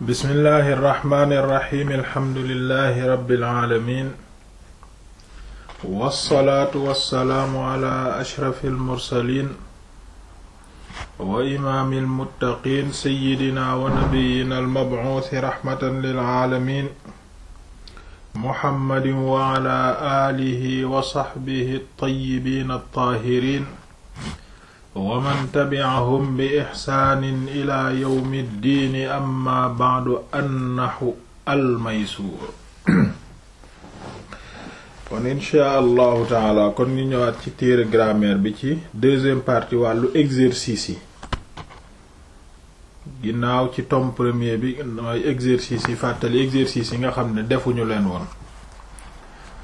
bismillahi irrahmani irrahim alhamdulilahi rabbilalamin walsalaatu walsalaamu ala ashrafi almursalin wa imaami almuttaqin seyidina wa nabiyina almabuusi raxmatan lilaalamin muhammadin wa ala aalihi wa saxbihi altayibiin altahirin wa man tabi'ahum bi ixsaanin ila yawmi ddiini amma ba'du annahu almaysuur kon insha allahu taala kon ñu ñëwaat ci téere grammaire bi ci deuxième partie wàllu exercice yi ginnaaw ci tom premier bi mooy exercice yi fàttali exercice yi nga xam ne defuñu leen woon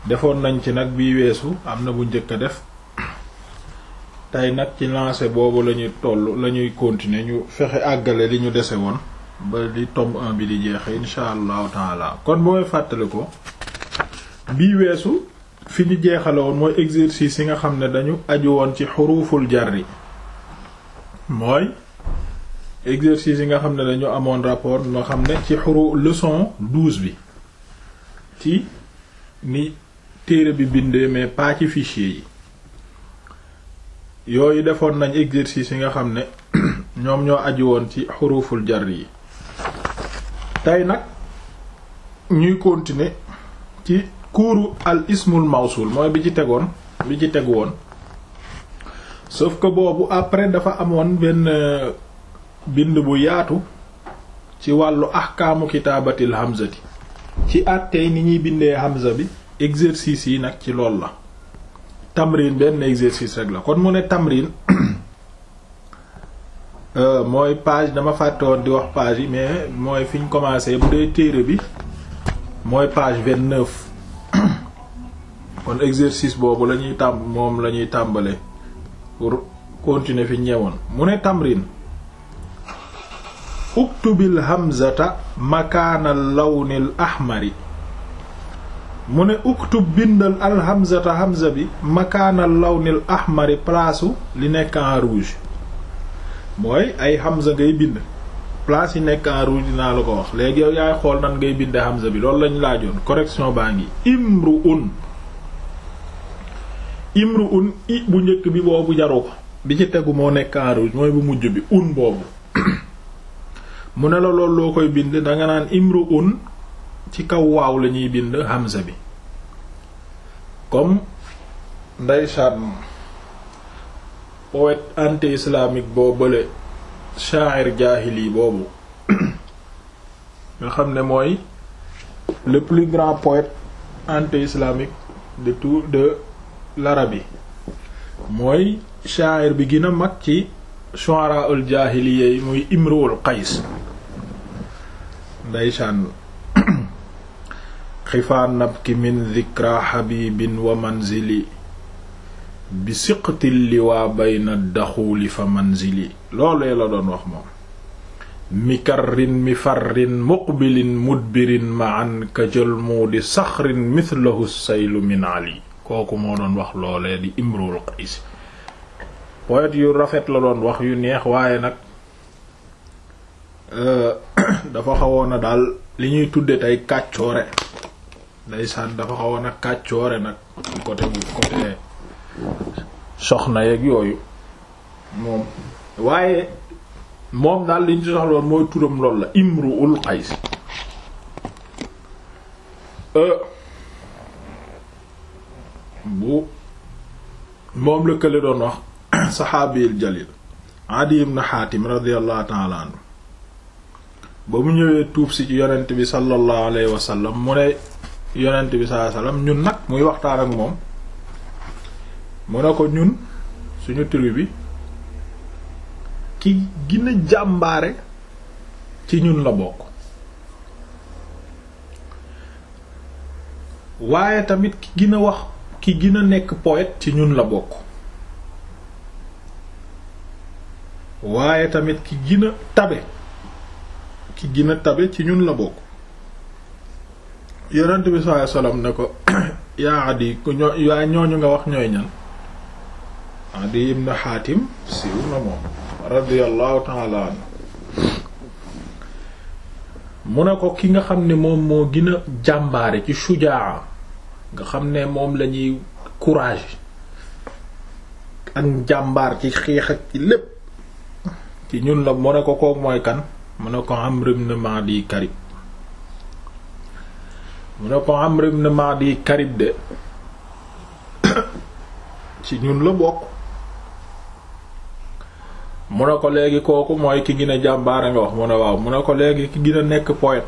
defoon nañ ci nag bii weesu am na bu njëkk a def tey nag ci lancé boobu la ñuy toll la ñuy continuer ñu fexe àggale li ñu dese woon ba di tomb 1 bi di jeexe insha allahu taala kon mooy fàttali ko bii weesu fi ni jeexale woon mooy exercice yi nga xam ne dañu aju woon ci xuruful yi mooy exercice yi nga xam ne dañu amoon rapport nga xam ne ci xuru leçon douze bi ci ni téere bi bindee mais pas fichier yi yooyu defoon nañ exercice yi nga xam ne ñoom ñoo aji woon ci xuruful jar yi tey nag ñuy continuer ci kuuru al ismul mawsul mooy bi ci tegoon bi ci teg woon sauf que boobu après dafa amoon benn euh, bind bu yaatu ci wàllu ahkaamu kitaabatil hamzati ci àttey ni ñuy bindee hamza bi exercice yi nag ci lool la tamrin benn exercice rek la kon mu ne tamrin euh, mooy page dama fàtte woon di wax page yi mais mooy fi ñu commencé bu dee téere bi mooy page vingt-neuf kon exercice boobu la ñuy tàmb moom la ñuy tàmbale pour continuer fi ñëwoon mu ne tamrin uktubil hamzata makaanal lawnil ahmari mu ne uktub bindal alhamzata hamza bi makaanal lawnil ahmari place li nekk en rouge ay hamza ngay bind place yi nekk en dinaa la ko wax léegi yow yaay xool nan ngay binde hamza bi loolu lañ laajoon correction baa ngi imru un imru un bu njëkk bi boobu jaru ko bi ci tegu moo nekk en mooy bu mujj bi un boobu mu ne la loolu loo koy bind danga naan imru un ci kaw waaw lañuy bind hamza bi comme ndeysaan poète anti-islamique boo bële sha'ir jaahili boobu nga xam ne mooy le plus grand poète anti-islamique de tout de l'Arabie mooy sha'ir bi gën a mag ci shu'ara al jaahiliya muy Imru al Qays ndeysaan xifaa nabki min dikra xabibin wa manzili bi siqtil liwaa bayna daxuli fa manzili loolee la doon wax moom mikarrin mifarrin muqbilin mudbirin ma'an di saxrin mithlahu saylu min ali kooku moo doon wax loolee di imrul qays poète yu rafet la doon wax yu neex waaye nag euh, dafa xawoon na daal li ñuy tudde tey kàccoore ndeysaan dafa xawoon ak kàccoore nag côté bu côté soxna yeeg yooyu moom waaye moom daal liñ ci soxloon mooy turam lool la imruul qays euh, bu moom la kële doon wax saxaabiil jalil adi ibn xaatim radiallahu taala ba mu ñëwee tuub si ci yonent bi sallallahu alayhi mu ne yonent bi sallallahu alayhi ñun nag muy waxtaan ak moom mu ne ko ñun suñu tribu bi ki gën a jàmbaare ci ñun la bokk waaye tamit ki gina wax ki gina nekk poète ci ñun la bokk waaye tamit ki gën a tabe ki gën tabe ci ñun la bokk yonent bi sallallahu alayhi wasallam ne ko yaa Adi ku ñoo yaa ñooñu nga wax ñooy ñan Adi ibn Hatim siiw na moom radiyallahu ta'ala anhu mu ko ki nga xam ne moom moo gën jàmbaare ci shujaa nga xam ne moom lañuy ñuy courage ak jàmbaar ci xeex ak ci lépp ci ñun la mu ne ko kooku mooy kan mu ne ko Amr ibn Ma'di Karib mu ne ko Amr ibn Mahdi Karib de ci ñun la bokk mu ne ko léegi kooku mooy ki gën a jàmbaare nga wax mu ne waaw mu ne ko léegi ki gën a nekk poète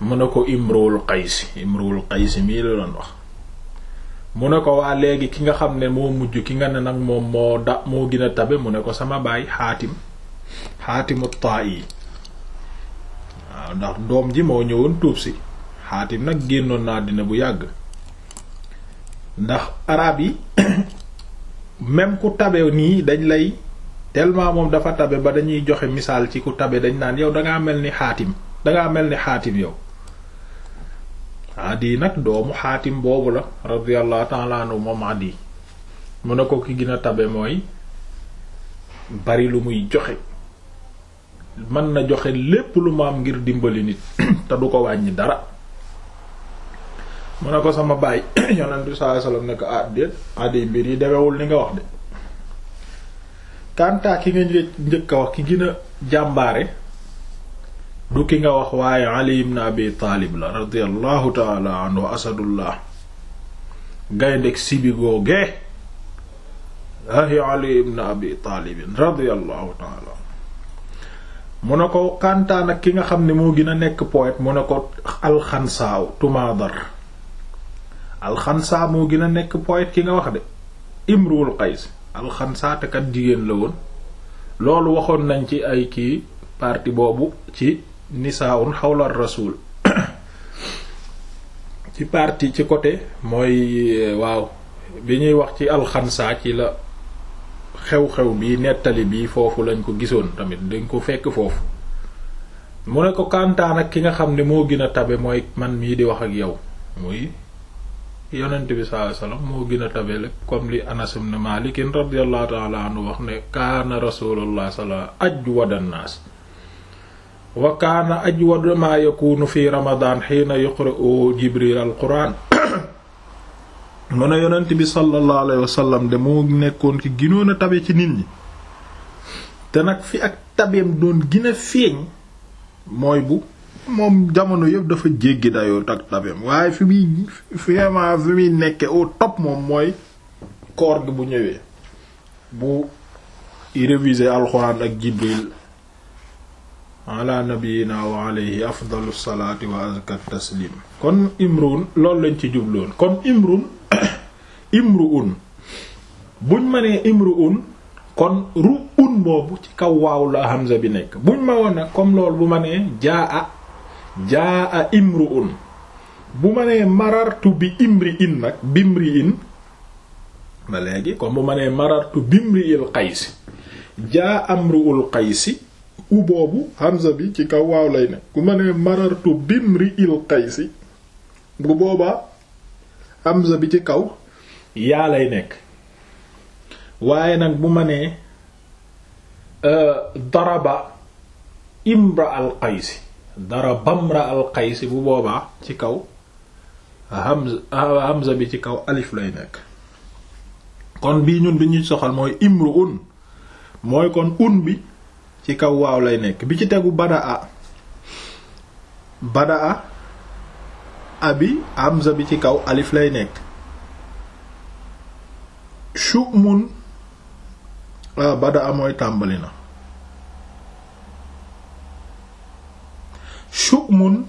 mu ne ko Imrul Qays Imrul Qays la doon wax mu ne ko waa léegi ki nga xam ne moo mujj ki nga ne nag moom moo da moo gën a tabe mu ne ko sama baay Xaatim Xaatimu Taa'i waaw ndax doom ji moo ñëwoon tuub si xaatim nag génnoon naa dina bu yàgg ndax araab yi même ku tabe nii dañ lay tellement moom dafa tabe ba dañuy joxe misaal ci ku tabe dañ naan yow dangaa mel ni xaatim dangaa mel ni xaatim yow adi nag doomu xaatim boobu la radiyallahu ta'ala anhu moom adi mu ne ko ki gën tabe mooy bari lu muy joxe mën na joxe lépp lu mu am ngir dimbali nit te du ko wàññi dara mu ne ko sama baay yonent bi sallallahu alayhi wasallam ne ko ah, ah, mbir yi demewul ni nga wax de kantaa ki nga njëkk wax ki gën jàmbaare du ki nga wax waaye Ali ibn Abi Taalib la radiyallahu ta'ala anhu asadullah gaynde ne ko kantaa nag ki nga xam ne moo gina nekk poète mu ne ko alxansaaw tumaadar alxansa moo gina nekk poète ki nga wax de imruul qays alxansa te kat jigéen la woon loolu waxoon nañ ci ay kii parti boobu ci nisaawun xawla rasul ci parti ci côté mooy eh, waaw bi ñuy wax ci alxansa ci la xew-xew bi nettali bi foofu lañ ko gisoon tamit dañ ko fekk foofu mu ne ko kantaan ak ki nga xam ne moo gën a tabe mooy man mii di wax ak yow muy yonent bi sallallahu moo gën tabe lépp comme li Anas ibn Malik radiyallahu ta'ala wax ne kaana rasulullah sallallahu alayhi wasallam ajwada wa kaana ajwada ma yakunu fi ramadan hina yaqra'u jibril al-quran mu yonent bi sallallahu alayhi nekkoon ki ginoon tabe ci nit ñi te nag fi ak tabeem doon gën feeñ mooy bu moom jamono yëpp dafa jéggi dayoo tak waaye fi muy vraiment fi muy nekke au top moom mooy koor gi bu ñëwee bu réviser alxuraan ak jibril ala nabiyina wa alayhi afdalu salaati wa azka taslim kon imrun loolu lañ ci jubloon kon imrun imruun buñ ma nee imruun kon ruun boobu ci kaw waaw la hamza bi nekk buñ ma woon comme loolu bu ma nee jaa a jaa a imru'un bu ma nee marartu bi imri nag bimriin in léegi kon bu ma nee marartu bimri il qaysi jaa amru'ul kaysi u boobu hamza bi ci kaw waaw lay ne bu ma nee marartu bimri il bu boobaa hamza bi ci kaw yaa lay nekk waaye nag bu ma nee euh, daraba imra al dara bamra al bu boobaa ci kaw hamza hamza bi ci kaw alif lay nekk kon bii ñun bi ñu soxal mooy imru un mooy kon un bi ci kaw waaw lay nekk bi ci tegu badaa badaa abi hamza bi ci kaw alif lay nekk shu'mun ah, badaa mooy tàmbali na chu'mun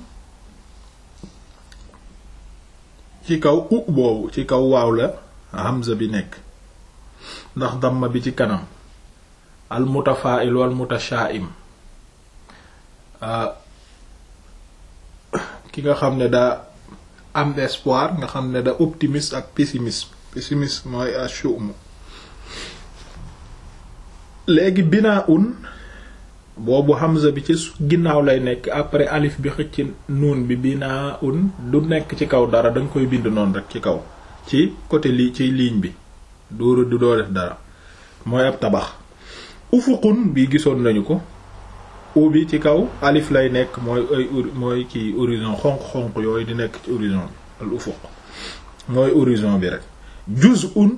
ci kaw u boobu ci kaw waaw la hamza bi nekk ndax damma bi ci kanam al mutafaa'il wal mutashaa'im ah, ki nga xam ne daa am espoir nga xam ne da optimiste ak pessimiste pessimiste mooy ashu'mu léegi binaa un boobu hamza bi ci ginnaaw lay nekk après alif bi xëcc nuun bi naa un du nekk ci kaw dara danga koy bind noonu rek ci kaw ci côté li ci ligne bi dóora du doo def dara mooy ab tabax ufuqun bi gisoon nañu ko u bi ci kaw alif lay nekk mooy ay mooy kii horizon xonq-xonq yooyu di nekk ci horizon bi al ufuq mooy horizon bi rek juz'un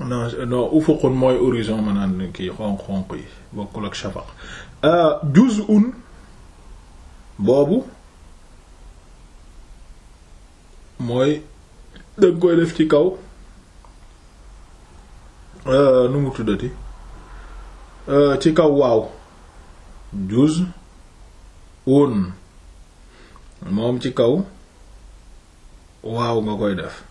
non non ufuqun mooy horizon ma naan kii xonq-xonq yi bokkul ak shafaq juz'un euh, boobu mooy danga koy def ci kaw euh, nu mu tuddati euh, ci kaw waaw juz'un moom ci kaw waaw nga koy def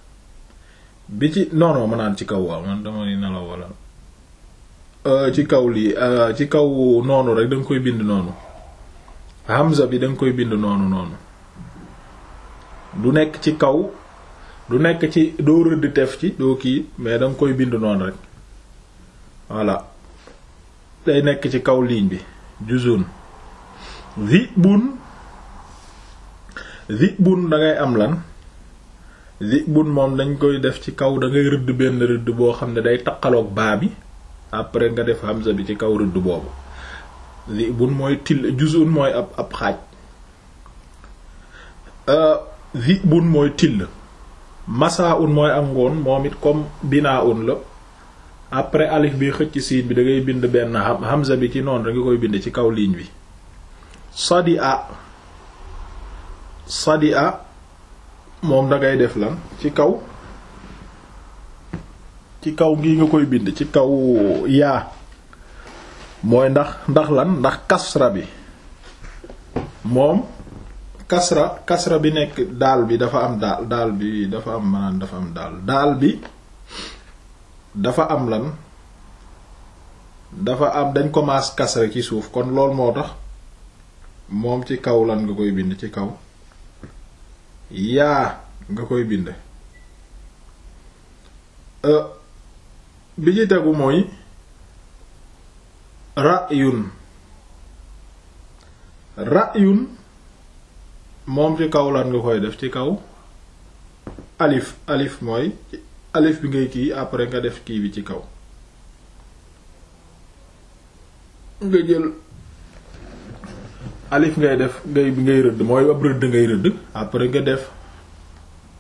bi ci non ma naan ci kaw waaw man dama ni nelaw wala euh, ci kaw lii euh, ci kaw noonu rek da koy bind noonu Hamza bi da koy bind noonu noonu du nekk ci kaw du nekk ci doo rëdd tef ci doo kii mais da koy bind noonu rek voilà day nekk ci kaw ligne bi juzun zibun zibun da dangay am lan zibun moom dañ koy def ci kaw da ngay rëdd benn rëdd boo xam ne day taqaloog baa bi après nga def hamza bi ci kaw rëdd boobu zibun mooy til juzun mooy ab ab xaaj zibun euh, mooy till masaun mooy ak ngoon moom it comme un la après alif bi xëcc siin bi da ngay bind benn hamza bi ci noonu da nga koy bind ci kaw ligne bi sadi a moom dangay def lan ci kaw ci kaw gi nga koy bind ci kaw yaa mooy ndax ndax lan ndax kasra bi moom kasra kasra bi nekk daal bi dafa am daal daal bi dafa am maanaam dafa am daal daal bi dafa am lan dafa am dañ ko maas kasra ci suuf kon lool moo tax moom ci kaw lan nga koy bind ci kaw yaa nga koy bind euh, bi ci tegu mooy ra'yun ra'yun moom ci kaw lan nga koy def ci kaw alif alif mooy alif bi ngay kii après nga def kii bi ci kaw nga jël alif ngay def ngay ngay rëdd mooy ab rëdd ngay rëdd après nga def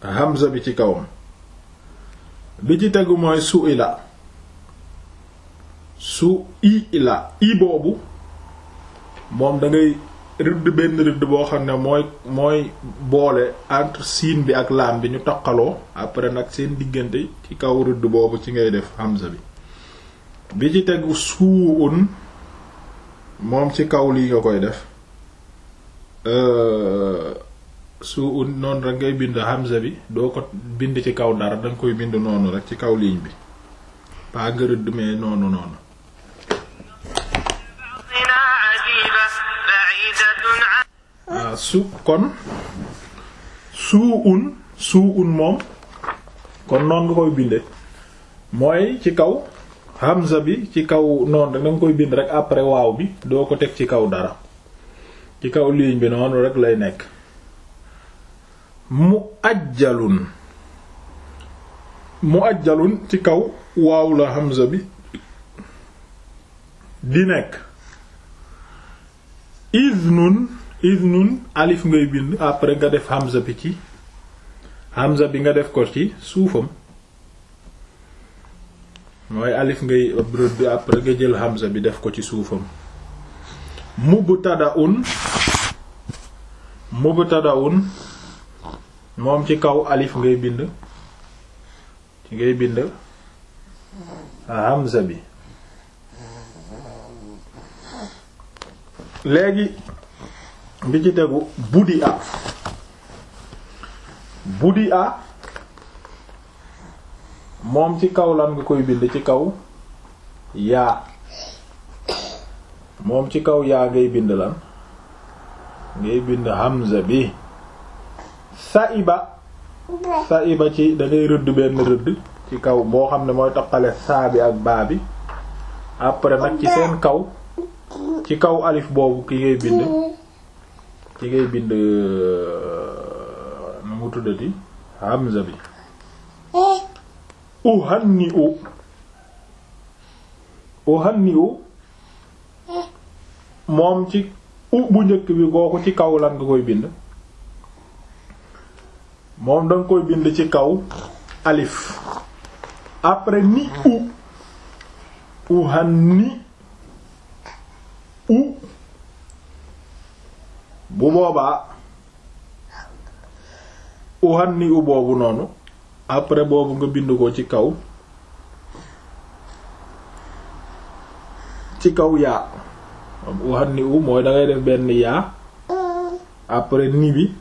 hamza bi ci kawam bi ci tegu mooy su ila su i i boobu moom da ngay rëdd benn rëdd boo xam ne mooy mooy boole entre siin bi ak laam bi ñu taqaloo après nag seen diggante ci kaw rëdd boobu ci ngay def hamza bi bi ci tegu suun moom ci kaw lii nga koy def Euh, suu noonu rek ngay bind hamza bi doo ko bind ci kaw dara koy bind noonu rek ci kaw ligne bi paa noonu noonu waaw ah, suu un suu un moom kon noonu nga koy binde mooy ci kaw hamza bi ci kaw noonu rek danga koy bind rek après waaw bi doo ko teg ci kaw dara ci kaw ligne bi noonu rek lay nekk mu ajjalun mu ajjalun ci kaw waaw la hamza bi di nekk iznun iznun alif ngay bind après nga def hamza bi ci hamza bi nga def ko ci suufam mooy alif ngay brëd bi après nga jël hamza bi def ko ci suufam mubtadaun mubtada'un moom ci kaw alif ngay bind ci ngay bind hamza bi léegi bi ci tegu budi a budi a moom ci kaw lan nga koy bind ci kaw yaa moom ci kaw yaa ngay bind lan ngay bind hamza bi sa'iba sa'iba ci da rëdd benn rëdd ci kaw boo xam ne mooy toqale saa bi ak baa bi après nag ci seen kaw ci kaw alif boobu ki ngay bind ki ngay bind nu mu tuddati hamza bi uhanni u uhanni u moom ci bu njëkk bi kooku ci kaw lan nga koy bind moom danga koy bind ci kaw alif après ni u uhan ni u bu boobaa uhan ni u boobu noonu après boobu nga bind ko ci kaw ci kaw yaa waxat ni u mooy da def benn yaa après ni bi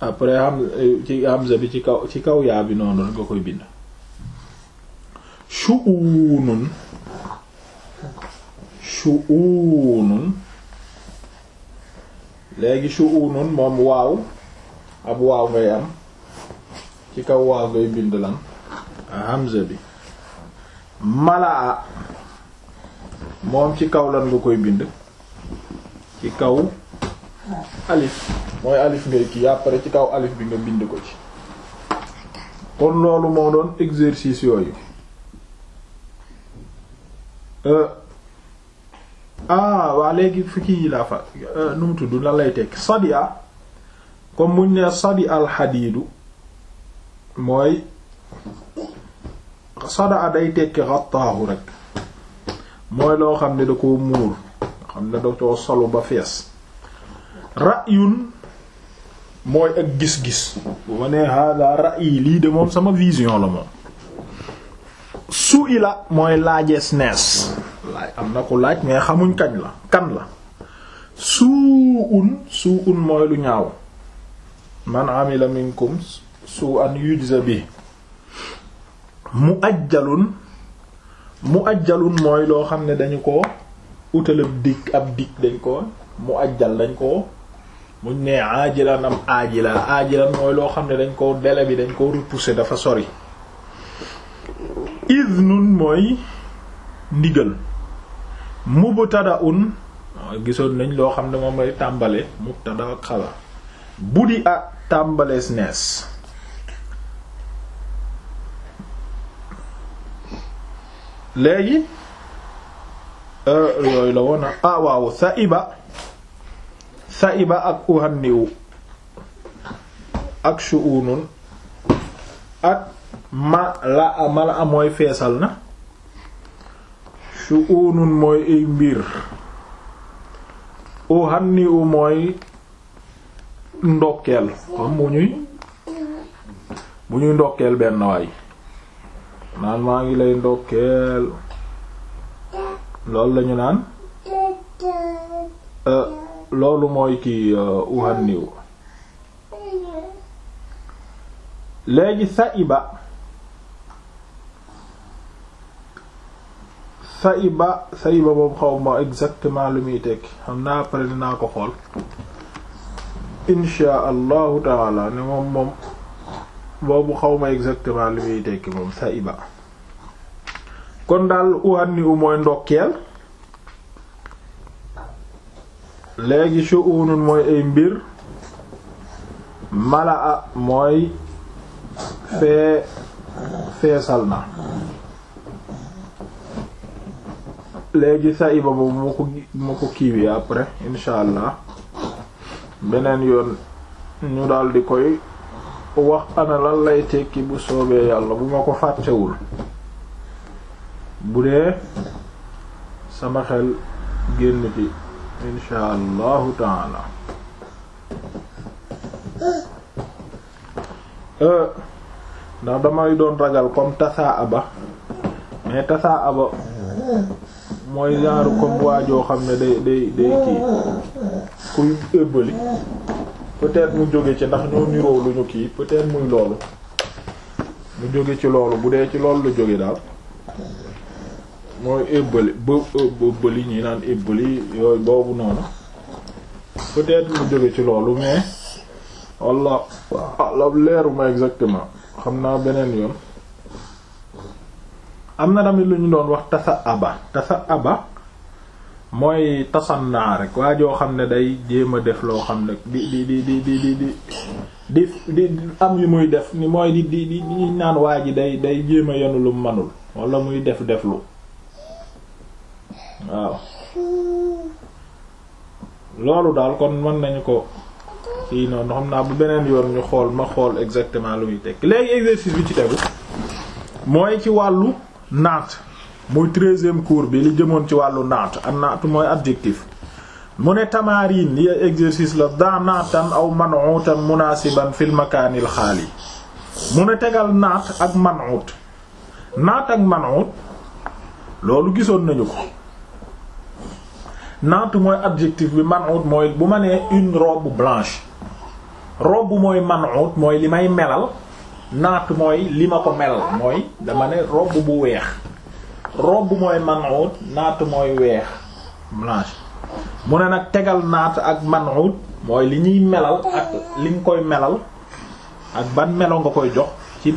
après am eh, ci hamza bi ci kaw ci kaw yaa bi noonu rek nga koy bind shu'unun shu'unun léegi shu'unun moom waaw ab waaw ngay am ci kaw waaw ngay bind lan hamza bi malaa moom ci kaw lan nga koy bind ci kaw alif mooy alif ngay kii après ci kaw alif bi nga bind ko ci kon loolu moo doon exercice yooyu euh, ah waa léegi fikki yi laa fa euh, nu mu tudd lan lay tekki sadia comme muñ ne sadi alxadiidu mooy sada day tekki xattaahu rek mooy loo xam ne da ko muur xam ne da coo ba fees ra'yun mooy ak gis-gis bu ma nee hada ra'yi lii de moom sama vision la moom su ila mooy laajees nees am na ku laaj mais xamuñ kañ la kan la suu un suu un mooy lu ñaaw man amila minkum suu an yujza bi mu ajjalun mu ajjalun mooy loo xam ne dañu ko utalam dig ab dig dañ ko mu ajjal dañ ko muñ ne ajilan am ajilan ajilan mooy loo xam ne dañ koo délai bi dañ ko repousser dafa sori iznun mooy ndigal mubtadaun gisoon nañ loo xam ne moom lay tàmbale mubtada ak xabar bu di a tàmbalees nees léegi Eh, yooyu la woon ah waaw Sa'iba Sa'iba ak uhanniwu ak shu'unun ak ma la ma la mooy feesal na shu'unun mooy ay mbir uhanniwu mooy ndokkeel comme ñuy bu ñuy ndokkeel benn waay naan maa ngi lay ndokkeel loolu lañu naan euh, loolu mooy ki euh, uhanniw léegi sa'iba sa'iba iba moom xaw ma exactement lu muy tekki xam naa après dinaa ko xool insha allahu taala ne moom moom boobu xaw exactement lu muy tekki moom sa'iba kon daal uhanni u mooy ndokkeel léegi shu'unun mooy ay mbir mala a mooy fee feesal na léegi sa iba boobu moo ko ko kiiwi après insha allah beneen yoon ñu daal di koy wax ana lan lay tekki bu soobee yàlla bu ma ko fàttewul bu dee sama xel génn ci insha allahu taala euh, ndax damay doon ragal comme tasaa aba mais tasaa aba mooy genre comme joo xam ne day day day kii kuy ëbbali peut mu jóge ci ndax ñoo niroo lu ñu kii peut-être muy loolu mu jóge ci loolu bu dee ci loolu la jóge daal mooy ébbali bëbbali ñi naan ébbali yooyu boobu noonu peut-être mu jóge ci loolu mais walla la leeruma exactement xam naa beneen yoon am na tamit lu ñu doon wax tasa aba tasa aba mooy naa rek waa joo xam ne day jéem a def loo xam ne di di di di di di am yu muy def ni mooy di di di naan waa ji day day jéema a yenu lu manul wala muy def deflu waaw loolu daal kon mën nañu ko kii noonu xam naa bu beneen yoon ñu xool ma xool exactement lu muy tekk léegi exercice bi ci tegu mooy ci wàllu naat muy treizième cours bi li jëmoon ci wàllu naat ak naatu mooy adjectif mu ne tamarin yi exercice la da naatan aw man'utan munasiban fil makaanil xaali mu ne tegal naat ak man'ut naat ak man'ut loolu gisoon nañu ko naatu mooy adjectif bi man'ut mooy bu ma nee une robe blanche robe mooy man'ut mooy li may melal naatu mooy li ma ko melal mooy dama ne robe bu weex robe mooy man'ut naatu mooy weex blanche mu ne nag tegal naat ak man'ut mooy li ñuy melal ak li nga koy melal ak ban melo nga koy jox ci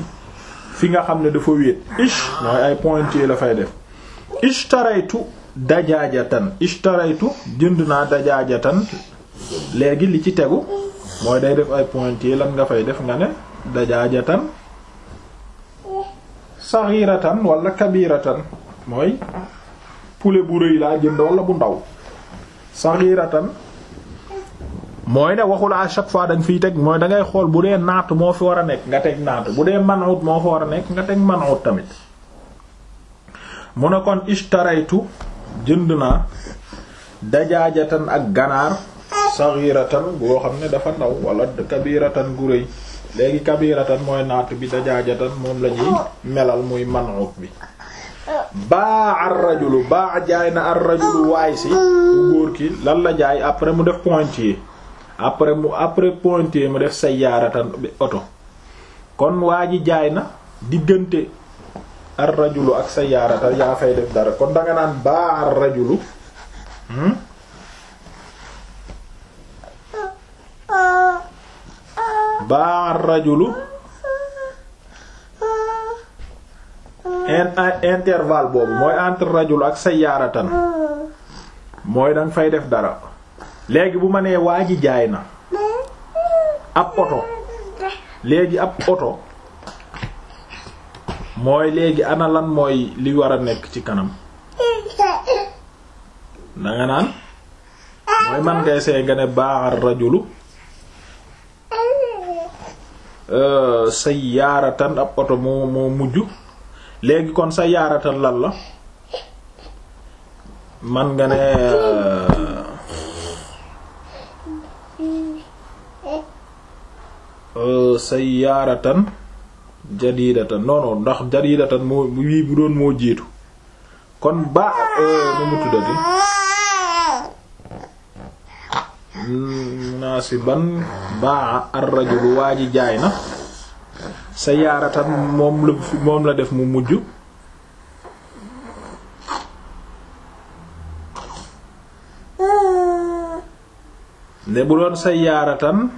fi nga xam ne dafa wéet ich mooy ay pointillés la fay def ishtaraytu dajaajatan ishtaraytu jënd naa dajaajatan léegi li ci tegu mooy day def ay point yi lan nga fay def nga ne dajaajatan saxiratan wala kabiratan mooy poulet bu rëy laa jënd wala bu ndaw saxiratan mooy ne waxul à chaque fois dañ fiy teg mooy da ngay xool bu dee naat moo fi war a nekk nga teg naat bu dee manut moo fi war a nekk nga teg manut tamit mu ne kon ishtaraytu jënd naa dajaajatan ak ganaar saxiratan boo xam ne dafa naw wala kabiratan gu rëy léegi kabiratan mooy naat bi dajaajatan moom la ñuy melal muy manut bi baa ar rajulu baa jaay na a rajulu waay si bu ki lan la jaay après mu def pointier après mu après pointier mu def sayyaaratan bi oto kon waa ji jaay na diggante ar rajulu ak sayyarata yaa fay def dara kon danga naan baa ar rajulu hmm? baa ar rajulu intervalle ah, boobu mooy entre rajul ak sayyaratan mooy danga fay def dara léegi bu ma nee waa jaay na ab oto léegi ab oto mooy léegi ana lan mooy li war a nekk ci kanam danga naan mooy man ngay see nga ne baaxal rajulu euh, sayaaratan ab oto moo mujj léegi kon sayaaratan lan la man nga ne euh, sayaaratan jadidatan non ndax jadidatan moo wii bu doon moo jiitu kon ba euh, nu mu tuddati naa si ban baa ar-rajulu waa ji jaay na sa yaaratan moom la moom la def mu mujj ne bu doon sa yaaratan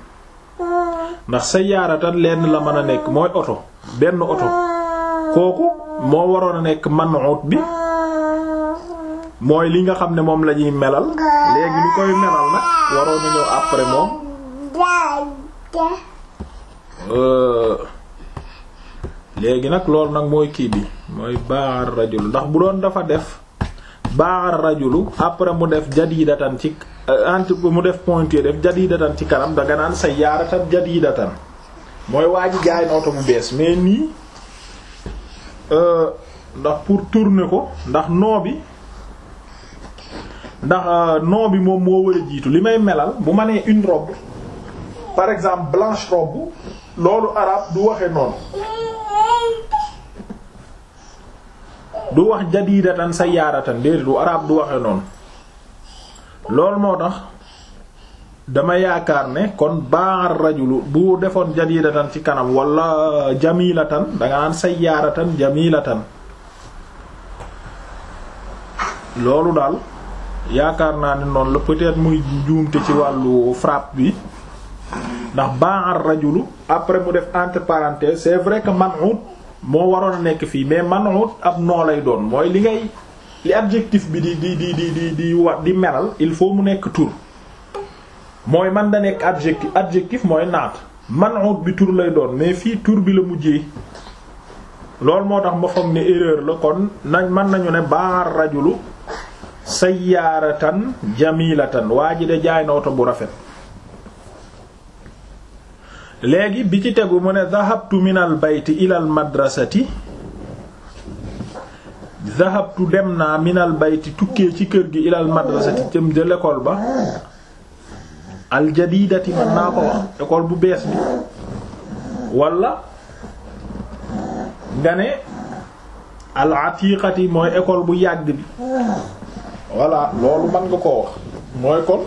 ndax sayyaratan lenn la mën a nekk mooy oto benn oto kooku moo waroon a nekk man'ut bi mooy li nga xam ne moom la ñuy melal léegi li koy melal nag waroon na ñëw après moom euh, léegi nag loolu nag mooy kii bi mooy baaxal rajul ndax bu doon dafa def baaxar rajulu après mu def jadidatan ci euh, entre mu def pointé def jadidatan ci kanam danga naan sayyaratan jadidatan mooy waa mooy jaay na oto bu bees mais nii euh, ndax pour tourner ko ndax noo bi ndax euh, noo bi moom moo war jiitu li may melal bu ma nee une robe par exemple blanche robe loolu arabe du waxe noonu du wax jadiidatan sayyaaratan déedéet du arab du waxe noonu loolu moo tax dama yaakaar ne kon baaxal rajulu bu defoon jadiidatan ci kanam wala jamilatan danga naan sayyaaratan jamilatan loolu daal yaakaar naa ne noonu la peut-être muy juumte ci wàllu frappe bi ndax baaxal rajulu après mu def entre parenthèses c'est vrai que man ut moo waroon a nekk fii mais manut ab noo lay doon mooy li ngay li adjectif bi di di di di di di wa di meral il faut mu nekk tur mooy man da nekk adjectif adjectif mooy naat manut bi tur lay doon mais fii tur bi la mujjee loolu moo tax ma foog ne erreur la kon nañ mën nañu ne baar rajulu sayyaratan jamilatan waa ji de jaay na oto bu rafet léegi bi ci tegu mu ne dhahabtu minal bayti ilal madrasati dhahabtu dem naa minal bayti tukkee ci kër gi ilal madrasati jëm de l'école ba aljadidati man naa ko wax école bu bees bi wala nga ne al atiqati mooy école bu yàgg bi voilà loolu mën nga koo wax mooy kon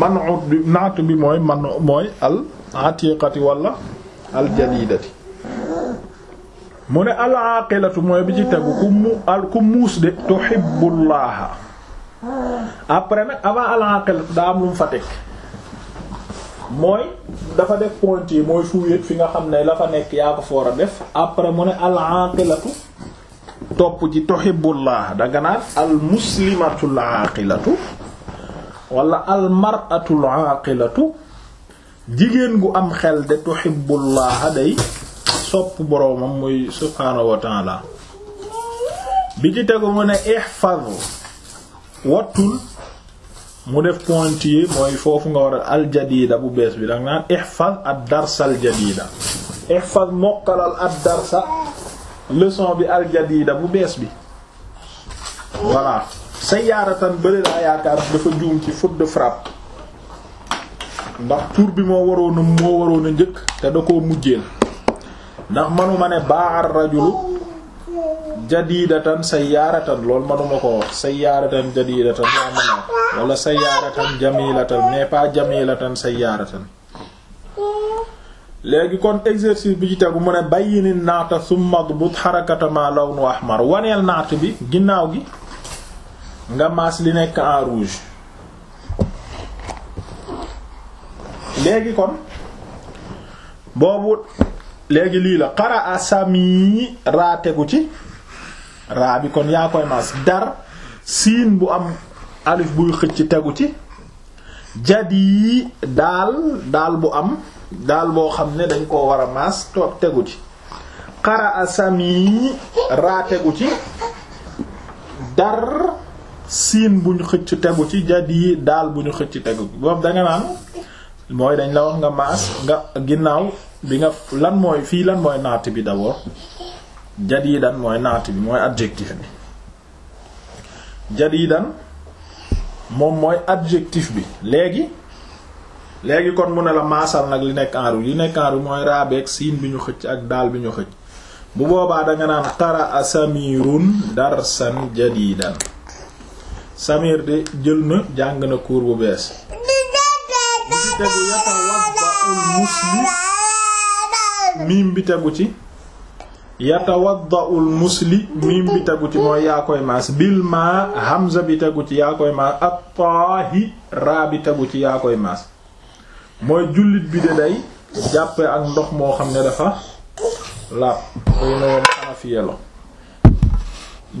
manu naatu bi mooy man mooy al atiqati wala aljadidati mu ne al aqilatu mooy bi ci tegu ku muus de tuhibbullaaha après nag avant al aqilatu daa am lu mu fa teg mooy dafa def point yi mooy fu fi nga xam ne la nekk yaa ko foor a def après mu ne al aqilatu topp ci tuhibbullah danga naan al muslimatul aqilatu wala al mar'atul aqilatu jigéen gu am xel de tuhibbullaha day sopp boroomam muy subhaanahu wa bi ci tegu mu ne ihfaz wattul mu def pointier mooy foofu nga war a aljadida bu bees bi danga naan ihfaz ad darsa aljadida ihfaz mokkalal ad darsa leçon bi aljadida bu bees bi voilà sa yaaratan bëri laa yaakaar dafa juum ci faute de frappe ndax tur bi moo waroon a moo waroon njëkk te da koo mujjeel ndax manuma ne baaxar rajulu jadiidatan sayyaaratan loolu manuma ko wax sayyaaratan jadiidatan laa mën a wala jamilatan mais jamilatan sayyaaratan léegi kon exercice bi ci tegu mu ne bayyini naata summa dbut harakata ma lawnu ahmar waneel naat bi ginnaaw gi nga maas li nekk en rouge léegi kon boobu léegi lii la qaraa sami raa tegu ci raa bi kon yaa koy maas dar siin bu am alif buy xëcc tegu ci jadi daal daal bu am daal boo xam ne dañ koo war a maas toog tegu ci qaraa sami raa tegu ci dar siin bu xëcc tegu ci jadi daal bu ñu xëcc tegu ci boobu danga naan mooy dañ la wax nga maas nga ginnaaw bi nga lan mooy fii lan mooy naat bi d'abord jadidan mooy naat bi mooy adjectif bi jadidan moom mooy adjectif bi léegi léegi kon mu ne la maasal nag li nekk en rouge li nekk en mooy raabeeg siin bi ñu xëcc ak daal bi ñu xëcc bu boobaa danga naan qaraa samirun darsan jadidan samir de jël na jàng na cours bu bees tegu miim bi tegu ci ya ul musli miim bi tegu ci mooy yaa koy maas bil ma hamza bi tegu ci yaa koy maas ak taahi raa bi tegu ci yaa koy maas mooy jullit bi de day jàppe ak ndox moo xam ne dafa laab koy na woon la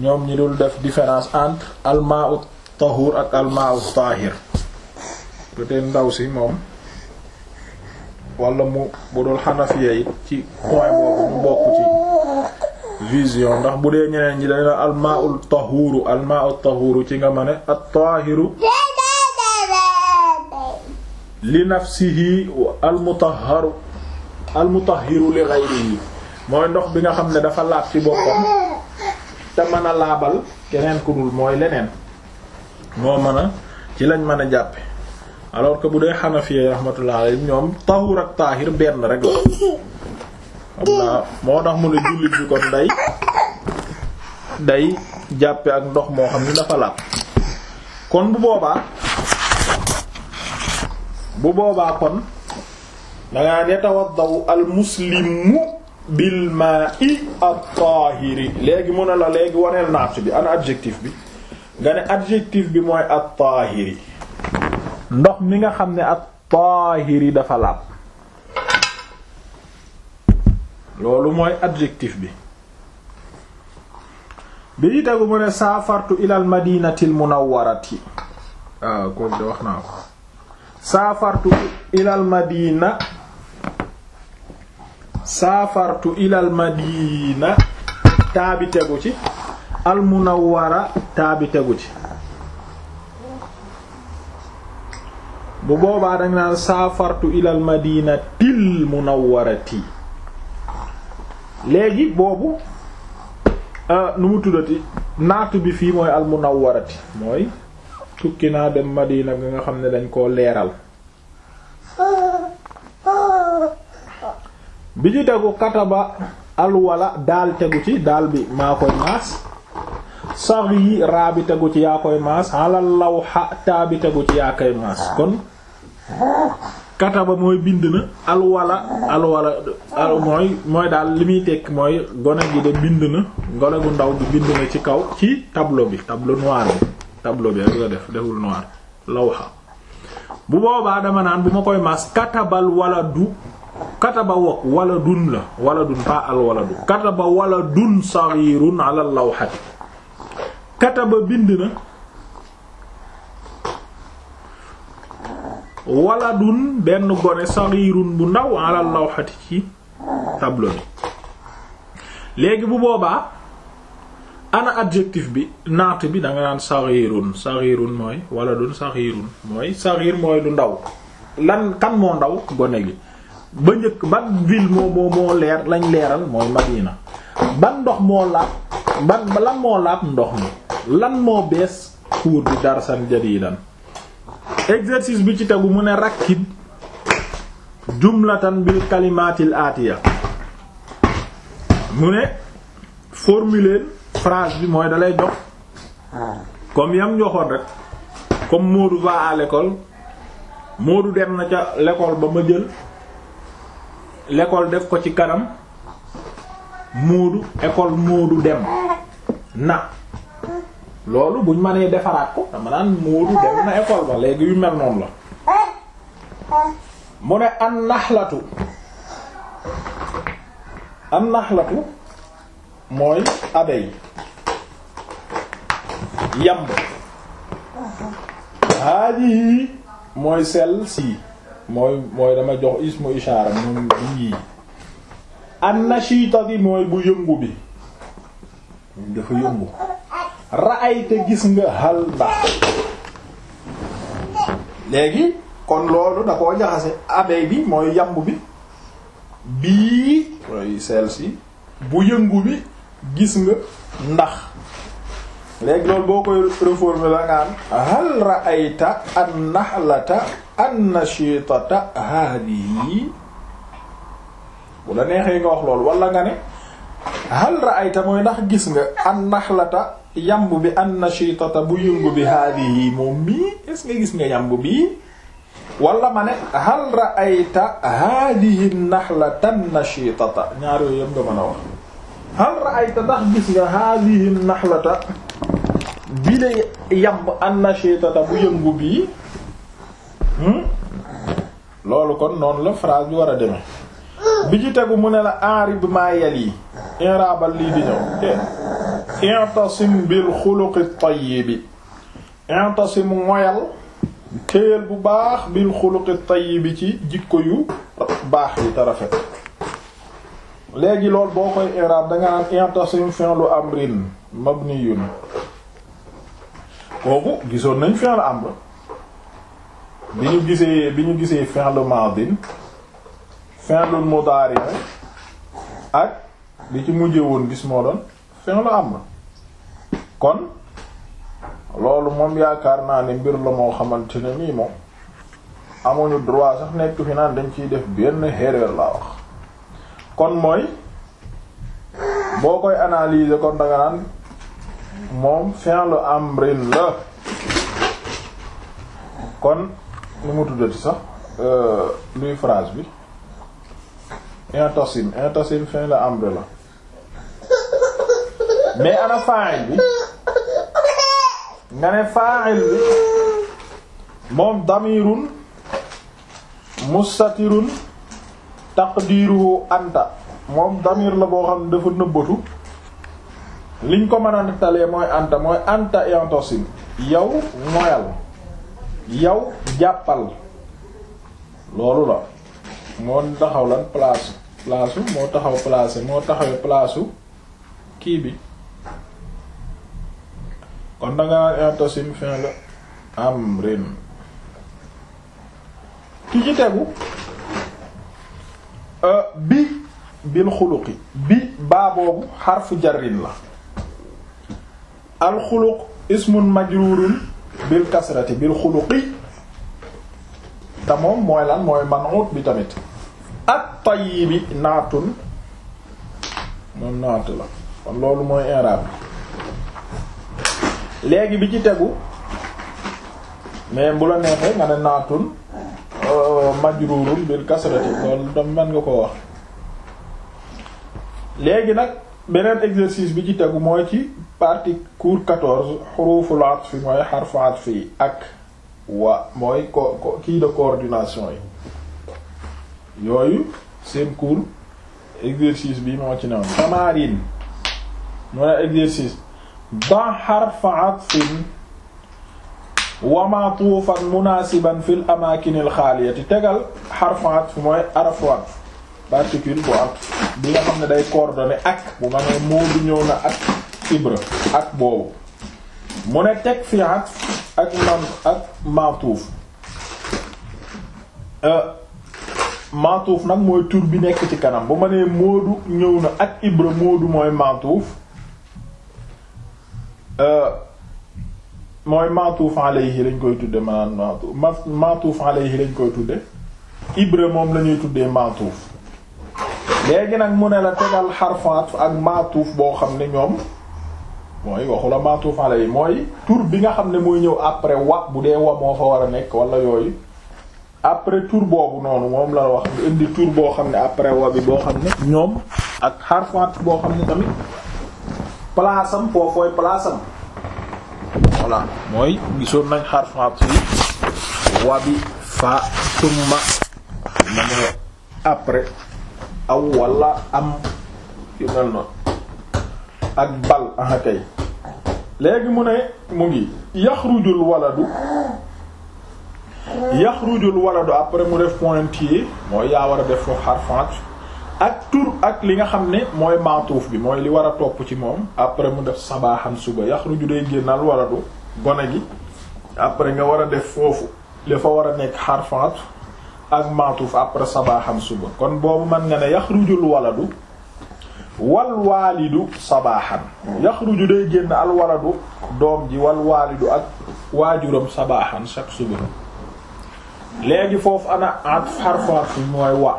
ñoom ñi dul def différence entre almaa ut tahuur ak almaa ut taahir peut ndaw si moom wala mu bu dul xanafiya yi ci point boobu bokk ci vision ndax bu dee ñeneen ñi dañ la almaul tahuru almaul tahuru ci nga ma ne at-tahiru li nafsihi almutahharu almutahhiru li ghayrihi mooy ndox bi nga xam ne dafa laab ci boppam te mën a laabal keneen ku dul mooy leneen moo mën a ci lañ mën a jàppe alors que bu dee xanafiya rahmatullah alayhim ñoom tahur ak taahir benn rek la moo tax mu ne jullit bi kon day day jàppe ak ndox moo xam ni dafa laab kon bu boobaa bu boobaa kon dangaa yatawaddaw al muslimu bil ma'i at-tahiri léegi mu ne la léegi waneel naat bi ana adjectif bi nga ne adjectif bi mooy at ndox mi nga xam ne ak at-taahiri dafa laab loolu mooy adjectif bi bi ñu mu ne saafartu ilal madinatil munawwarati waaw kooku de wax naa saafartu ilal madina saafartu ilal madina taabi tegu ci al munawwara taabi tegu ci bu boobaa danga naan saafartu ilal madinatil munawwarati léegi boobu euh, nu mu tuddati naatu bi fii mooy al munawwarati mooy tukki naa dem madina bi nga xam ne dañ koo leeral bi ñu tegu kataba alwala daal tegu ci daal bi maa koy maas sax yi raa tegu ci yaa koy maas alal lawha taa bi tegu ci yaa koy maas kon kataba mooy bind na alwala alwala mooy mooy daal li muy tekk mooy gone gi de bind na gone gu ndaw bi bind na ci kaw ci tablo bi tableau noir bi tableau bi rek def deful noir lawha bu boobaa dama naan bu ma koy maas katabal wala du kataba wok wala dun la wala dun pas al du kataba wala dun saghirun ala lawhati kataba bind na waladun benn gone saxiirun bu ndaw ala lawhati ci tableau léegi bu boobaa ana adjectif bi naat bi da nga naan saxiirun saxiirun mooy waladun saxiirun mooy saxiir mooy lu ndaw lan kan moo ndaw gone gi ba njëkk ban ville moo moo leer lañ leeral mooy Madina ban ndox moo laab ban lan moo laab ndox mi lan moo bees kuur bi darsan jadidan exercice bi ci tagu mu ne rakkib jumlatan bi kalimaatil aatiya mu ne formuler phrase bi mooy dalay jox comme yam joxoon rek comme Modou va à l'école Modou dem na ca l'école ba ma jël l'école def ko ci kanam Modou école Modou dem na loolu buñ mënee defaraat ko dama naan Moodu dem na école ba léegi yu mel noonu la mu ne an naxlatu mooy abeille yamb haadihi mooy sel si mooy mooy dama jox ismu ishaara moom yii an nashitati mooy bu yëngu bi dafa yëngu ra'ayta gis nga hal ndax léegi kon loolu da koo jaxase abeille bi mooy yamb bi bii mooy sel si bu yëngu bi gis nga ndax léegi loolu boo koy reformer la ngaan hal ra'ayta an nahlata an nashitata hadihi bu la neexee nga wax loolu wala nga ne hal ra'ayta mooy ndax gis nga an nahlata yamb bi an nashiitata bu yëngu bi haadihi moom mii est nga gis nga yamb bi walla mane ne hal ra'ayta haadihi naxlatan nashiitata ñaar yooyu yëpp nga hal ra'ayta ndax gis nga haadihi naxlata bi yamb an nashiitata bu yëngu bi hmm? loolu kon noonu la phrase bi war a demee bi ci tegu mu ne la enrib maa yel yi inraabal lii di ñëw te intasim bil xuluqi tayyibi intasim moyal téyel bu baax bil xuluqi tayyibi ci jikko yu baax yi te rafet léegi lool boo koy i'rab danga naan intasim fi'lu amrin mabniyun kooku gisoon nañ fi'lu amr bi ñu gisee bi ñu gisee fi'lu madin fi'lul mudaari ak li ci mujje woon gis moo doon fi'lu amr kon loolu moom yaakaar naa ne mbir la moo xamante ne nii moom amuñu droit sax nekk fi naan dañ ciy def benn erreur laa wax kon mooy boo koy analyser kon danga naan moom fi'lu amrin la kon nu mu tuddati sax euh, luy phrase bi intasim intasim fin la amr la mais ana fa'il bi nga ne fa'il bi moom damirun mustatirun taqdiruhu anta moom damir la boo xam dafa nëbbatu liñ ko mën a nettalee mooy anta mooy anta intasim yow moyal yow jàppal loolu la moo taxaw lan place place moo taxaw place moo taxaw place kii bi kon da nga intasim la am ren ki ci tegu euh, bi bil xuluqi bi baa xarfu jarrin la al xuluq ismun majrurun bil kasrati bil xuluqi te moom mooy lan mooy manut bi tamit ak at bi naatul moom naatu la kon loolu mooy i'rab léegi bi ci tegu mais bu la neexee nga ne naatun euh, majrurun bil kasrati loolu dam mën nga ko wax léegi nag beneen exercice bi ci tegu mooy ci partie cours 14 xuruful atf mooy xarfu atf yi ak wa mooy ko kii de coordination yi yooyu seen cours exercice bi moo ci newoon tamarin moo ne exercice ba xarfa atfin wama tuufan munaasiban fil amaakinil xaaliyati tegal xarfa atf mooy arafu atf particule bu atf bi nga xam ne day coordonné ak bu ma nee moo bi ñëw na ak ibra ak boobu mu ne teg fi atf ak man maatuuf nag mooy tur bi nekk ci kanam bu ma nee moodu ñëw na ak ibra moodu mooy maatuuf euh, mooy maatuuf alayhi lañ koy tudde maanaam maatuuf ma maatuuf alayhi lañ koy tudde ibra moom la ñuy tuddee maatuuf léegi nag mu ne la tegal xarfaat ak maatuuf boo xam ne ñoom mooy waxu la maatuuf alayhi mooy tur bi nga xam ne mooy ñëw après wa bu dee wa moo fa war a nekk wala yooyu après tur boobu noonu moom la wax nga indi tur boo xam ne après wa bi boo xam ne ñoom ak xarfaat boo xam ne tamit place am foofooy place mooy gisoon nañ xarfaat yi wa bi fa summa na mooy après aw wala am yu mel noonu ak bal aha kay léegi mu ne mu ngi yaxrujul waladu yaxrujul waladu après mu def pointillé mooy yaa war a def foofu xarfan ak tur ak li nga xam ne mooy maatuuf bi mooy li war a topp ci moom après mu def sabaaxan suba yaxruju day génnal waladu gone gi après nga war a def foofu li fa war a nekk xarfan ak maatuuf après sabaaxan suba kon boobu mën nga ne yaxrujul waladu wal waalidu sabaaxan yaxruju génn al waladu doom ji wal waalidu ak waajuram sabaaxan chaque suba léegi foofu ana xarfu xarfu mooy wa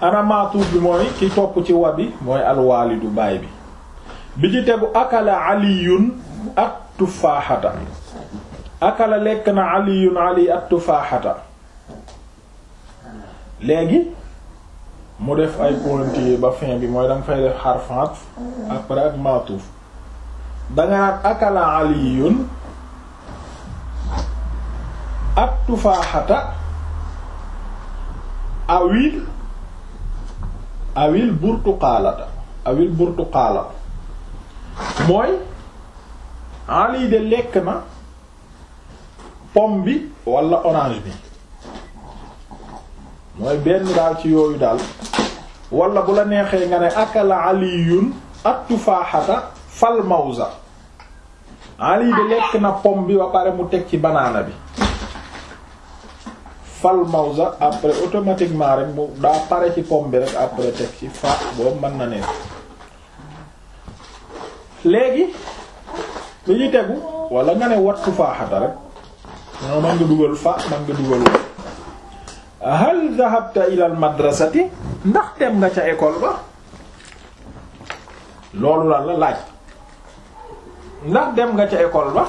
ana maatuuf bi mooy ci topp ci wa bi mooy alwaalidu baay bi bi ci tegu akala aliyun at tufaaxata akala lekk na aliyun ali ak tufaaxata léegi mu def ay pointillés ba fin bi mooy danga fay def xarfu xarfu après ak maatuuf danga naan akala aliyun ak tufaaxata awil awil burtuqaalata awil burtuqaala mooy Ali de lekk na pomme bi wala orange bi mooy benn daal ci yooyu daal wala bu la neexee nga ne akala aliyun ak tufaaxata fal Ali de lekk na pomme bi ba pare mu teg ci banaana bi fal mawza après automatiquement rek mu daa pare ci pomme bi rek après teg ci fa boobu mën na nekk léegi li ñuy tegu wala nga ne wattu faaxata rek ñoo man nga dugal fa man nga dugal hal dhahabta ila al madrasati ndax dem nga ca école ba loolu laal la laaj ndax dem nga ca école ba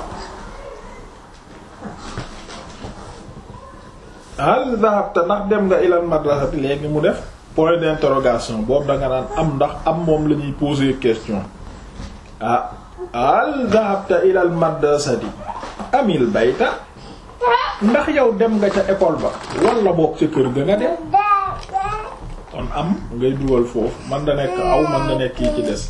hal dhahabta ndax dem nga ilal madrasati léegi mu def point d'interrogation boobu danga naan am ndax am moom la ñuy poser question ah hal dhahabta ilal madrasati amil bayta ndax yow dem nga ca école ba walla boog ca kër ga nga dem kon am ngay dugal foofu man da nekk aw man da nekk yi ci des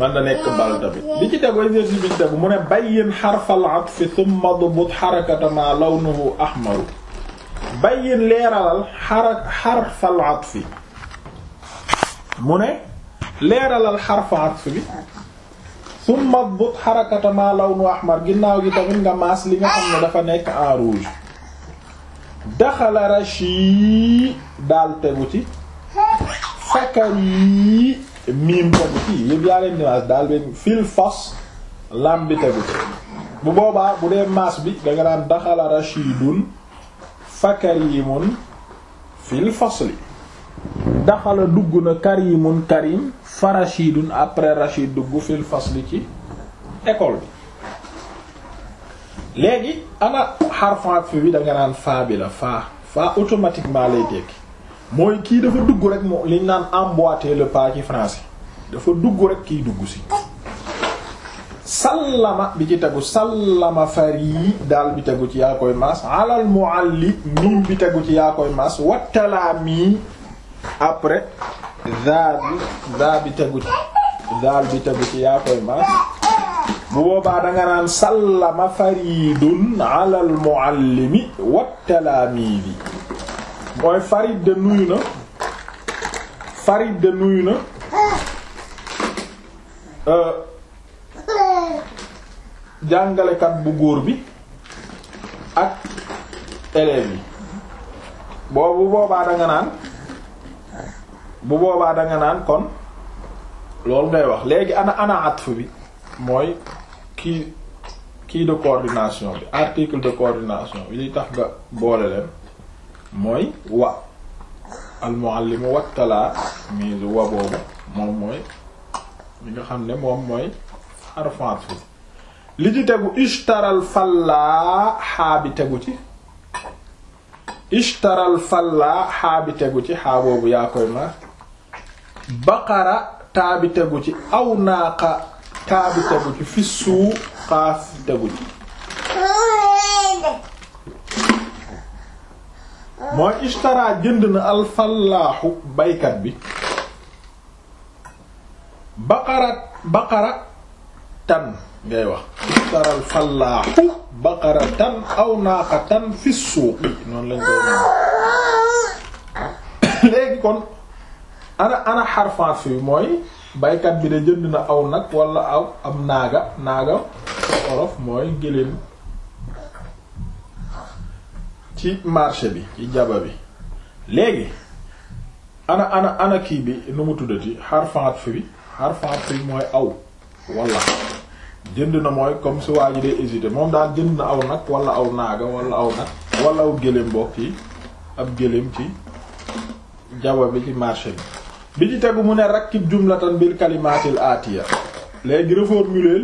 man da nekk bal bi li ci tegu exercice bi ci tegu mu ne bayyin harfal atfi thumma dubut harakata ma lawnuhu ahmaru bayyin leeralal xara xarfal atfi mu ne leeralal xarfa atfi bi summa but xarakata ma lawnu ahmar ginnaaw gi tamit nga maas li nga xam ne dafa nekk en rouge daxala rashi daal tegu ci sakar yi miim tegu ci yëpp yaa leen di maas daal benn fil fos lam bi tegu ci bu boobaa bu dee maas bi danga daan daxala rashidun fa karimun fil fasli daxala dugg na karimun karim fa rachidun après rachid dugg fil fasli ci école bi léegi ana xarfan atfi bi da nga naan faa bi la faa faa automatiquement lay tekki mooy kii dafa dugg rek moo liñ naan emboîter le pas ci français dafa dugg rek kiy dugg si sallama bi ci tegu sallama fari daal bi tegu ci yaa koy maas alal après daal bi tegu ci yaa koy maas bu boobaa danga naan sallama faridun alal muallimi wattalaamidi mooy farid de nuyu na farid de nuyu na euh, jàngalekat bu góor bi ak élèves yi boobu bu boobaa danga naan bu boobaa da naan kon loolu ngay wax léegi ana ana atf bi mooy kii kii de coordination bi article de coordination bi li tax nga boole leen mooy wa al muallimu wattala mise wa boobu moom mooy li nga xam ne moom mooy xarfu atf li ci tegu ishtaral fallaa xaa tegu ci ishtaral fallaa xaa bi tegu ci xaa boobu yaa koy maar baqara taa tegu ci aw naaqa taa tegu ci fi suu xaaf tegu ci mooy ishtara jënd na alfallaaxu baykat bi baqara baqara tan ngay wax ishtaral fallaaxu baqaratan aw naaqatan fi suuqi léegi kon ana ana xarfan fi mooy baykat bi de jënd na aw nag wala aw am naaga naaga olof mooy gëléem ci marché bi ci jaba bi léegi ana ana ana kii bi nu mu tuddati xarfan fi xarfan fi mooy aw wala jënd na mooy comme su waa ji hésité moom daal jënd na aw nag wala aw naaga wala aw nag wala gëléem bokk ab gëléem ci jaba bi ci marché bi bi ci tegu mu ne rakkib jumlatan bil kalimaatil aatiya léegi reformuler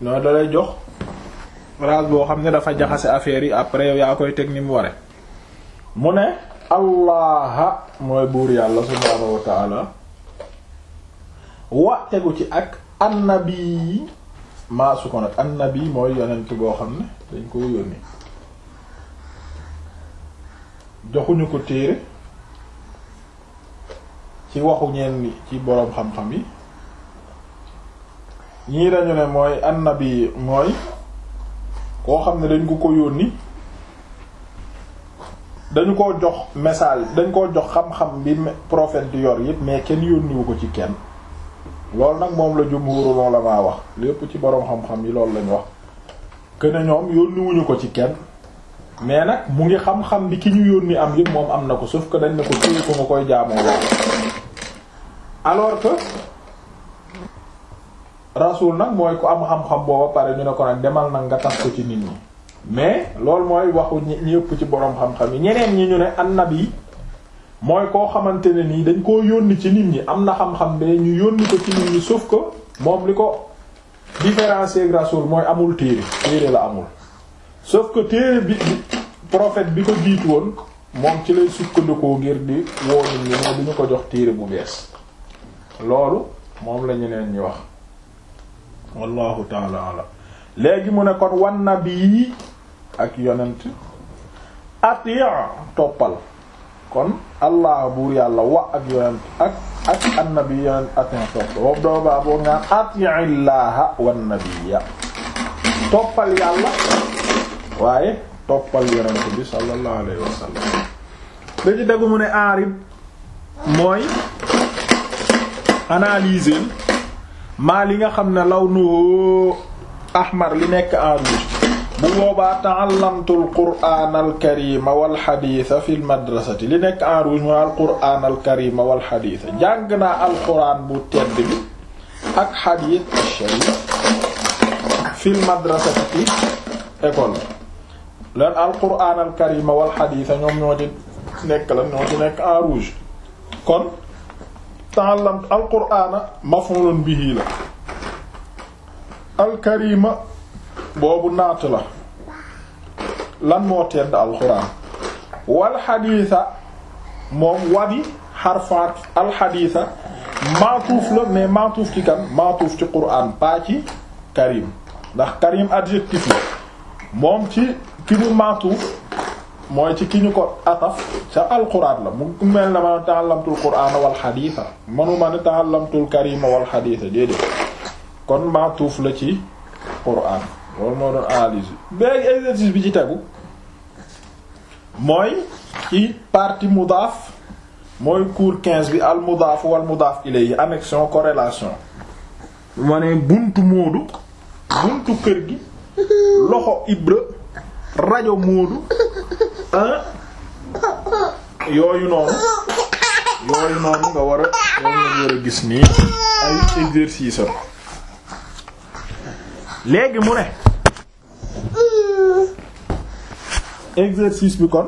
noo da lay jox phrase boo xam ne dafa jaxase affaire yi après yow yaa koy teg ni mu ware mu ne allaha mooy buur yàlla subhaanahu wa taala tegu ci ak annabi maasu ko nag annabi mooy yonent boo xam ne dañ ko yónni joxuñu ko téere ci waxu ñenn ci boroom xam-xam yi ñii dañu ne mooy annabi mooy koo xam ne dañ ko ko yónni dañu ko jox message dañ ko jox xam-xam bi profet di yor yépp mais kenn yónniwu ko ci kenn loolu nag moom la jumhuru la maa wax lépp ci boroom xam-xam yi loolu lañ wax kuene ñoom yónni wuñu ko ci kenn mais nag mu ngi xam-xam bi ki ñu yónni am yëpp moom am na ko sauf que dañ ne ko téye ko nga koy jaamoo alors que rasul nag mooy ku am xam-xam booba pare ñu ne ko nag demal nag nga tax ko ci nit ñi mais loolu mooy waxu ñi ëpp ci boroom xam-xam yi ñeneen ñi ñu ne yi mooy koo xamante ne nii dañ koo yónni ci nit ñi am na xam-xam be ñu yónni ko ci nit ñi sauf que moom li ko différencier ak rasul mooy amul téere téere la amul sauf ko téere bi prophète bi ko jiitu woon moom ci lay sukkandiku ngir di woo ñi moo duñu ko jox téere bu bees loolu moom lañu ñeneen ñi wax wallahu taala léegi mu ne kon wan nabi ak yonent atiya toppal kon allah buur yàlla wa ak yonent ak ak annabi yonent atin topp boobu doobaa boo ngaan atiillaha wannabiya toppal yàlla waaye toppal yonent bi sallallahu alayhi wa sallam da ci degu mu ne aarib mooy analyser maa li nga xam ne law nu ahmar li nekk en rouge bu boobaa ta'allamtu al-qur'aan al-karima wal xadiisa fil madrasati li nekk en rouge mooy al-qur'aan al-karima wal xadiisa jàng naa al-qur'aan bu tedd bi ak xadiis sharif fil madrasati ci école bi lan al-qur'aan al-karima wal xadiisa ñoom ñoo ci nekk lan ñoo ci nekk en rouge kon ta'allamtu al-qur'aan maf'uulun bihi la al-karima boobu naat la lan moo tedd alxuraan wal xadiisa moom wabi xarfaat alxadiisa maatuuf la mais maatuuf ci kan maatuuf ci quraan pas ci karim ndax karim adjectif la moom ci ki mu maatuuf mooy ci ki ñu ko ataf ca alquraan la mu mel na man ta'allamtul qur'ana wal xadiisa manuma ne ta'allamtul karima wal xadiisa déedéet kon maatuuf la ci quraan loolu moo doon analyse bi léegi exercice bi ci tegu mooy ci partie mudaaf mooy cour quinze bi al mudaaf wal mudaaf ilayhi annexion corrélation ma ne buntu Moodu buntu kër gi loxo Ibra rajo Moodu ah yooyu noonu yooyu noonu nga war a nga war a gis nii ay exercice am léegi mu ne exercice bi kon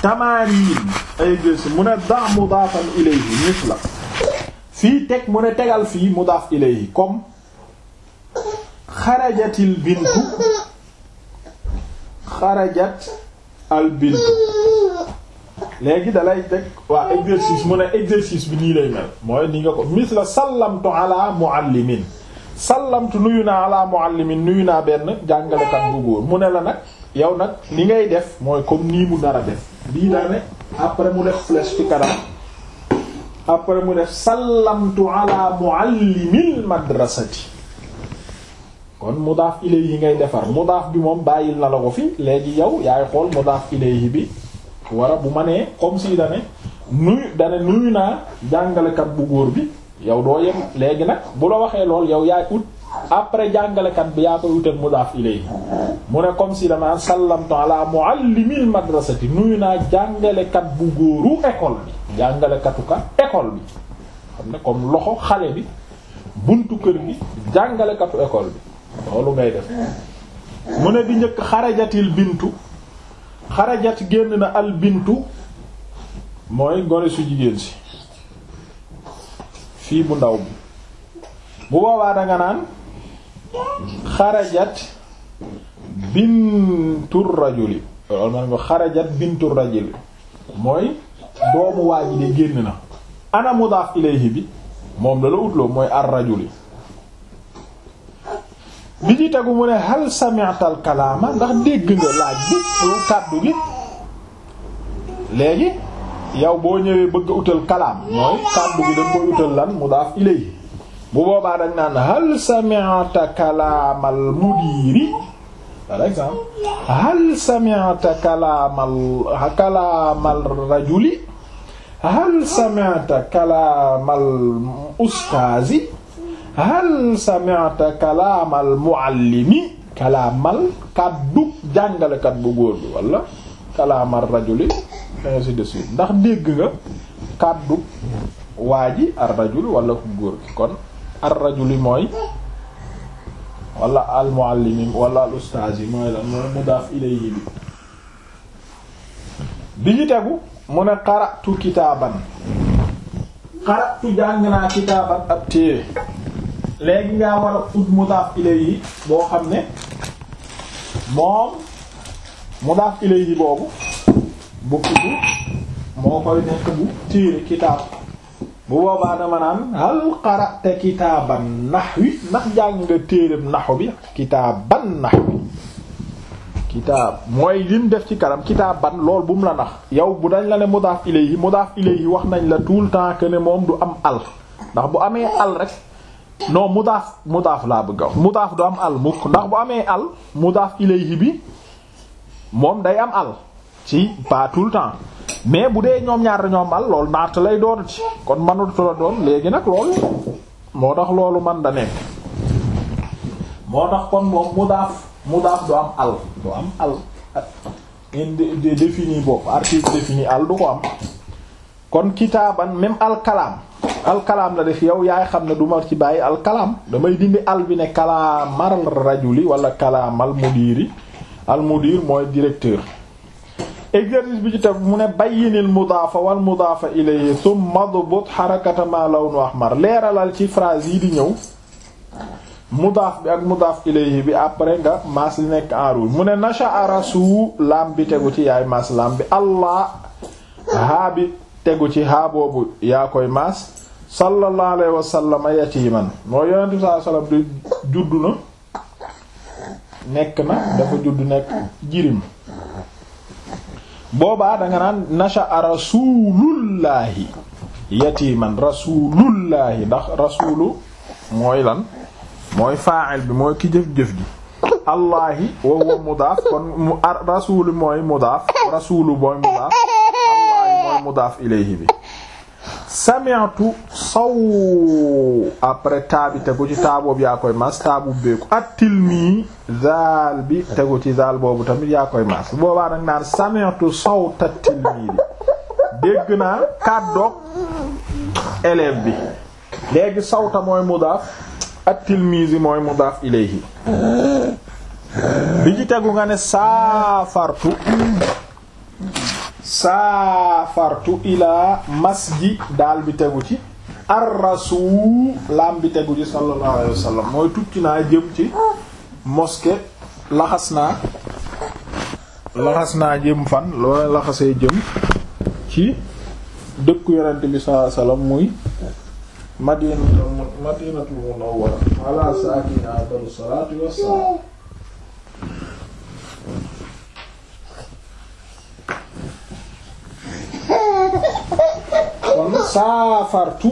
tamarin ay exercice mu ne daa mudaafan ilayhi la fii teg mu ne tegal fii mudaaf ilayhi comme xarajatil bintu xarajat al bintu léegi dalay teg waa exercice mu ne exercice bi nii lay mel mooy ni nga ko misla sallamtu ala muallimin sallamtu nuyu naa ala nuyu naa benn jàngalekat bu góor mu ne la nag yow nag ni ngay def mooy comme nii mu dara def bii daa ne après mu def flèche ci kanam après mu def sallamtu ala muallimil madrasati kon mudaaf ilayhi ngay defar mudaaf bi moom bàyyil na la ko fi léegi yow yaay xool mudaaf ilayhi bi war a bu ma nee comme si dane nuyu dane nuyu naa jàngalekat bu góor bi yow doo yem léegi nag bu la waxee lool yow yaay ut après jàngalekat bi yaa koy utal mudaaf ilayhi mu ne comme si danaa sallamtu ala muallimil madrasati nuyu naa jàngalekat bu góoru école bi jàngalekatu ka école bi xam ne comme loxo xale bi buntu kër gi jàngalekatu école bi loolu ngay def mu ne di njëkk xarajatil bintu xarajat génn na al bintu mooy gone su jigéen si fii bu ndaw bi bu boobaa danga naan xarajat bintur rajuli loolu xarajat bintur rajuli mooy doomu waa génn na ana mudaaf ilayhi bi moom la la utloo mooy ar rajuli bi ci tegu mu ne hal sami'tal kalaama ndax dégg nga laaj bi kàddu gi léegi yow boo ñëwee bëgg a utal kalaam mooy kàddu gi dañ koy utal lan mudaaf ilayhi bu boobaa dañ naan hal sami'ta kalaamal mudiiri hal sami'ta kalaamal kalaamal rajuli hal sami'ta kalaamal ustaazi hal sami'ta kalaamal muallimi kalaamal kàddu jàngalekat bu góor walla wala kalaamal rajuli ainsi de suite ndax dégg nga kàddu waa ji ar rajul góor gi kon ar rajuli mooy wala al muallimi wala al ustaaz mooy lan mooy mudaaf bi bi ñu tegu mu ne qara'tu kitaaban qara'tu jàng naa kitaaban ab téere léegi ngaa war a ut mudaaf ilayhi boo xam ne moom mudaaf ilayhi boobu bu tudd moo koy nekk bu téere kitaab bu boobaa dama naan hal qara'ta kitaaban nahwi ndax jàng nga naxu bi kitaaban nahwi kitaab mooy lim def ci kanam kitaaban lool bu mu la nax yow bu dañ la ne mudaaf ilayhi mudaaf ilayhi wax nañ la tout le temps que ne moom du am al ndax bu amee al rek non mudaaf mudaaf laa bëgg a wax mudaaf du am al mukk ndax bu amee al mudaaf ilayhi bi moom day am al ci pas tout le temps mais bu dee ñoom ñaar dañoo am al loolu naata lay doon ci kon mënut la doon léegi nag loolu moo tax loolu man da nekk moo tax kon moom mudaaf mudaaf du am al du am al al du ko am kon kitaaban même alkalaam alkalaam la def yow yaay xam ne duma ci bàyyi alkalaam damay dindi al bi ne kalaamal rajuli wala kalaamal mudiri al mudir mooy directeur exercice bi ci teg mu ne bayyinil mudaafa wal mudaafa ilayhi thumma dbut harakata ma lawnu ahmar leeralal ci phrase yi di ñëw mudaaf bi ak mudaaf ilayhi bi après nga maas li nekk en rouge mu ne nasha arasu laam tegu ci yaay maas laam bi allah haa bi tegu ci haa boobu yaa koy maas sallallahu alayhi wa sallam yatiman moo yonente bi sallallahu di juddu na nekk na dafa juddu nekk jirim boobaa da nga naan nasha'a rasulullahi yatiman rasulullahi ndax rasulu mooy lan mooy fa'il bi mooy ki jëf-jëf gi allahi wa huwa mudaaf kon mu rasulu mooy mudaaf rasulu mooy mudaaf allahi mooy mudaaf ilayhi bi sami'tu saw après taabi tegu ci taaboobu yaa koy maas taabub beeku at-tilmi zaal bi tegu ci zaal boobu tamit yaa koy maas boobaa nag naan sami'tu sawta tilmi bi dégg naa kàddoog élève bi léegi sawta mooy mudaaf at-tilmizi mooy mudaaf ilayhi bi ci tegu nga ne saafartu saafartu ilaa masjid daal bi tegu ci arrasul laam bi tegu ci sallallahu alayhi wa sallam mooy tukki naa jëm ci mosquée laxas naa laxas naa jëm fan loola laxasee jëm ci dëkku yonent bi sallallahu muy madinatul madinatul munawwara kon saafartu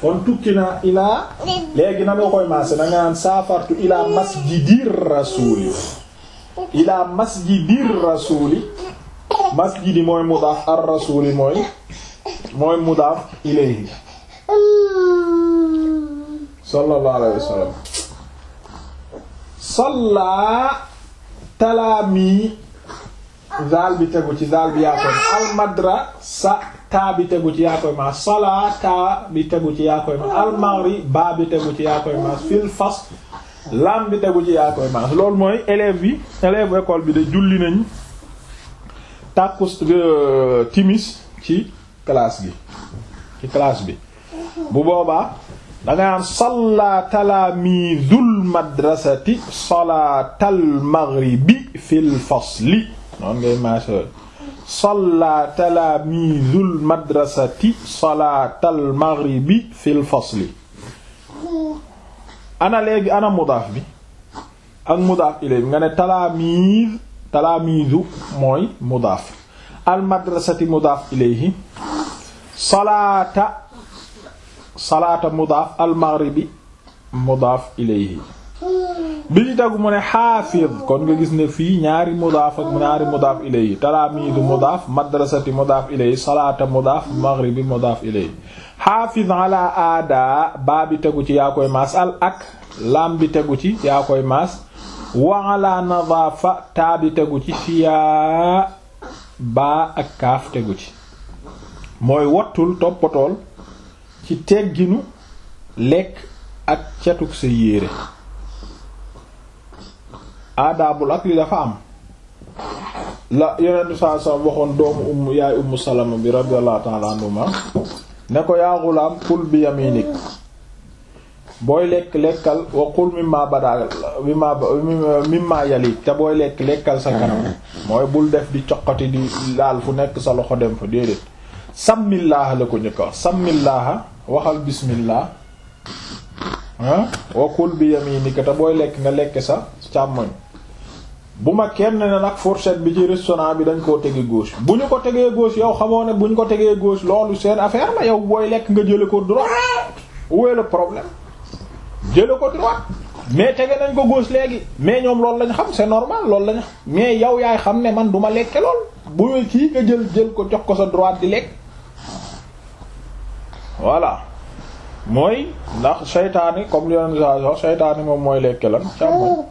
kon tukki naa ilaa léegi nan nga koy maase da nga naan saafartu rasuuli masjidi mooy mudaaf ar rasuuli mooy mudaaf ilayhi sallallahu alayhi wasallam salla zaal bi tegu ci zaal bi yaa koy ma almadrasa taa bi tegu ci yaa koy ma salaa bi tegu ci yaa koy ma loolu mooy élève bi école bi de julli nañ tàkkus euh, timis ci classe gi ci classe bi bu boobaa danga naan salla talaamizul madrasati salaatal maghribi fil fasli noon ngay maasoo salla talaamiidul madrasati salaatal maghribi fil fasli ana mudaaf bi mudaaf ilay bi mudaaf al mudaaf ilayhi bi ñu tegu mu ne xaafiz kon nga gis ne fii ñaari mudaaf ak ñaari mudaaf ilayhi talaamiidu mudaaf madrasati mudaaf ilayhi salaata mudaaf maghribi mudaaf aada baa bi tegu ci yaa koy maas al ak laam bi tegu ci yaa koy maas wa ala nadaafa taa bi tegu ci fiyaa baa ak kaaf tegu ci mooy wattul toppatool ci tegginu lekk ak cetuk sa yéere aadaabul akli dafa am la yeneen saa saa waxoon doomu umm yaay ummu salama bi radiyallahu ta'ala anhuma ne ko yaa gulaam kul bi yaminik booy lekk lekkal sa kanam mooy bul def di coqati di laal fu nekk sa loxo dem fa déedéet sàmmilaaha la ko njëkk wax waxal bismillah wa qul bi yaminika te booy lekk nga lekk sa càmmoñ bu ma kenn ne nag fourchette bi ci restaurant bi dañ koo tege gauche bu ñu ko tegee gauche yow xamoo ne bu ñu ko tegee gauche loolu seen affaire la yow booy lekk nga jële ko droite où est problème jële ko droite mais tege nañ ko góos léegi mais ñoom loolu lañ xam c'est normal loolu lañ xam mais yow yaay xam ne man du ma lekke lool bu kii nga jël jël ko jox ko sa droite di lekk voilà mooy ndax seytaane comme li yoon saa seytaane moom mooy lekke lan càmmoñ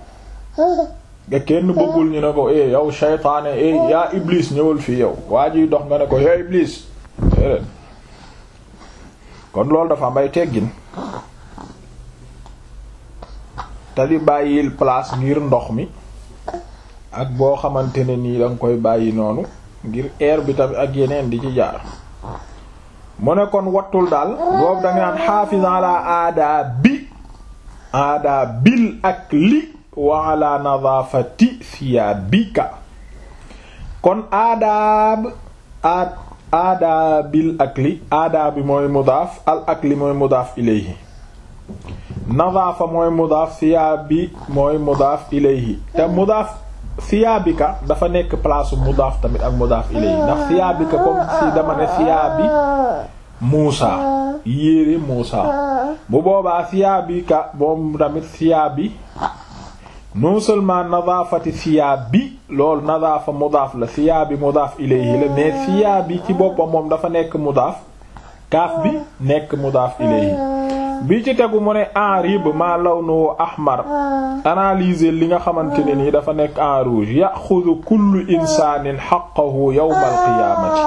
nga kenn bëggul ñu ne ko eh, yow shaytaane eh oh. yaa iblis ñëwal fii yow waa jiy dox nga ne ko yaa iblis kon loolu dafa am teggin te di bàyyil place ngir ndox mi ak boo xamante ne nii danga koy bàyyi noonu ngir air bi tamit ak yeneen di ci jaar mu ne kon wattul daal boobu danga naan xaafisan aada bi aada bil ak li wa ala nadaafati thiyaabika kon aadaab aadaabil akli aadaabi mooy mudaaf al akli mooy mudaaf ilayhi nadaafa mooy mudaaf siyaabi mooy mudaaf ilayhi te mudaaf siyaabika dafa nekk place mudaaf tamit ak mudaaf ilayhi ndax siyaabika comme si dama ne siyaabi Muusa yére Muusa bu boobaa siyaabika moom tamit siyaabi non seulement nadaafati siyaab bi loolu nadaafa mudaaf la siyaab bi mudaaf ilayhi la mais siyaab bi ci boppam moom dafa nekk mudaaf kaaf bi nekk mudaaf ilayhi bi ci tegu mu ne enrib maa lawnu ahmar analyser li nga xamante ne nii dafa nekk en rouge yaxudu kullu insaanin xaqahu yawmal qiyaamati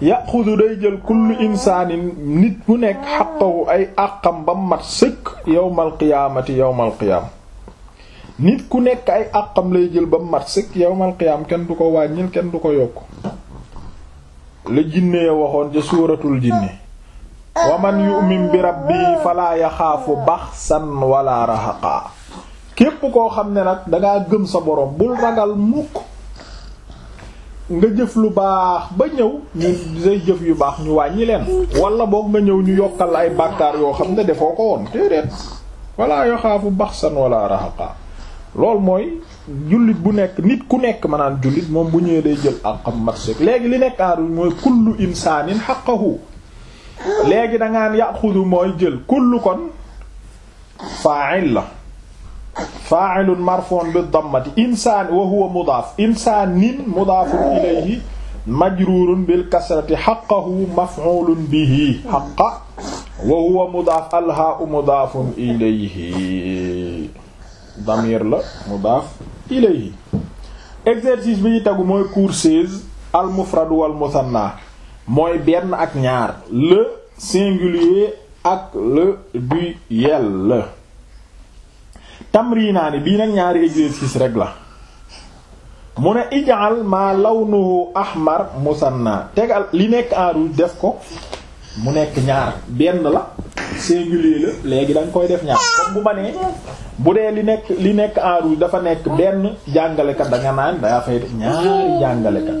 yaxudu day jël kullu insaanin nit bu nekk xaqahu ay àqam ba mat sëkk yawmal qiyaamati yawmal nit ku nekk ay àqam lay jël ba mat sëkk yawmal qiyaam kenn du ko wàññil kenn du ko yokk la jinne ya waxoon ca suuratul jinne wa man yu'min bi rabbi falaa yaxaafu baxsan wala raxaqaa képp koo xam ne nag dangaa gëm sa boroom bul ragal mukk nga jëf lu baax ba ñëw ñu say jëf yu baax ñu wàññi leen wala boog nga ñëw ñu yokkal ay bàkkaar yoo xam ne defoo ko woon téeréet walaa yaxaafu baxsan wala raxaqaa loolu mooy jullit bu nekk nit ku nekk maanaam jullit moom bu ñëwee day jël àqam mat sëkk léegi li nekk aarul mooy kullu insaanin xaqahu léegi dangaan yaxudu mooy jël kullu kon fa'il la fa'ilun marfon bi dammati insaan wa huwa mudaaf insaanin mudaafun ilayhi majruurun bil kasrati xaqahu maf'uulun bihi xaqa wa huwa mudaaf alhaa'u mudaafun ilayhi damir la mudaaf ilayhi exercice bi ñu tagu mooy cours 16 al mufrad mooy benn ak ñaar le singulier ak le duel tamrinaani bii nag ñaari exercice rek la mu ne ij'al ma lawnuhu ahmar musanna tegal li nekk en def ko mu nekk ñaar benn la singulier la léegi da koy def ñaar comme ah. bu ma nee bu dee li nekk li nekk en rouge dafa nekk benn jàngalekat da naan daa fay def ñaari ah. jàngalekat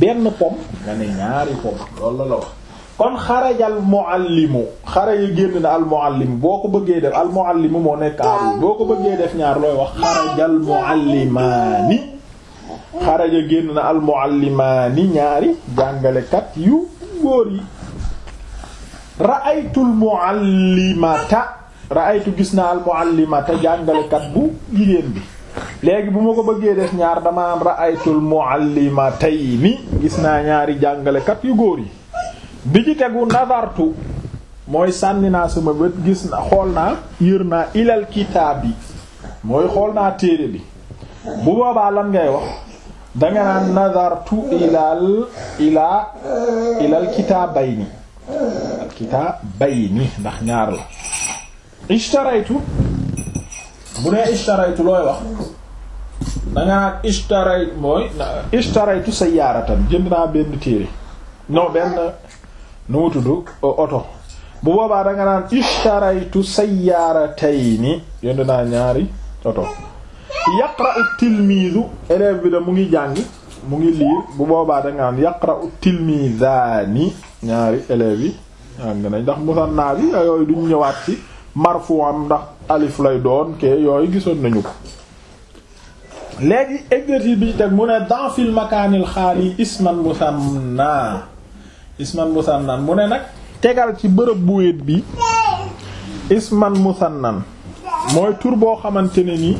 benn pom nga ne ñaari pom loolu la la wax kon xarajal muallimu xaraja na al boo ko bëggee def al muallimu moo nekk en ko bëggee def ñaar looy wax xarajal muallimaani xaraja génn na al muallimaani ñaari jàngalekat yu góor yi ra'aytul mu'allimata ra'aytu gis naa al mu'allimata jàngalekat bu jigéen bi léegi bu ma ko bëggee def ñaar dama am ra'aytul mu'allimatayni gis naa ñaari jàngalekat yu góor yi bi ci tegu nazartu mooy sànni naa sama bët gis na xool naa yër naa ilal kitaab yi mooy xool naa téere bi bu boobaa lan ngay wax danga naan nazartu ilal ilaa ilal kitaabayni kitaabayni ndax ñaar la ishtaraytu bu nee ishtaraytu looy wax danga naan ishtaray mooy ishtaraytu sayyaratan jënd naa benn téere non benn nu mu tudd oto bu boobaa danga naan ishtaraytu sayyaratayni jënd naa ñaari oto yaqra'u tilmiizu élève bi da mu ngi jàng mu ngi liir bu boobaa danga naan yaqra'u tilmiizaani ñaari élève yi àgg nañ ndax musanna bi yooyu duñ ñëwaat ci marfu am ndax alif lay doon ke yooyu gisoon nañu ko léegi exercice bi ci teg mu ne danfil makaanil xaali isman musanna isman musannan mu ne nag tegal ci bërëb bu wéet bi isman musannan mooy tur boo xamante ne ni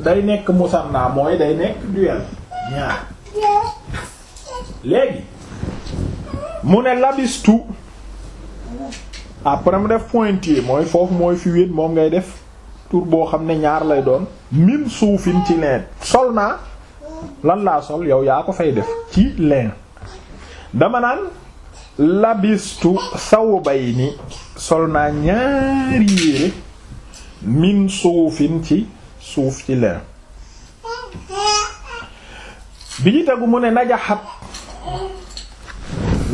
day nekk musanna mooy day nekk duel léegi mu ne labistu après mu def pointillé mooy foofu mooy fi wéet moom ngay def tur boo xam ne ñaar lay doon min suufin ci leen sol naa lan laa sol yow yaa ko fay def ci leen dama naan labistu ni sol naa ñaari yére min suufin ci suuf ci leen bi ñu tegu mu ne najaxat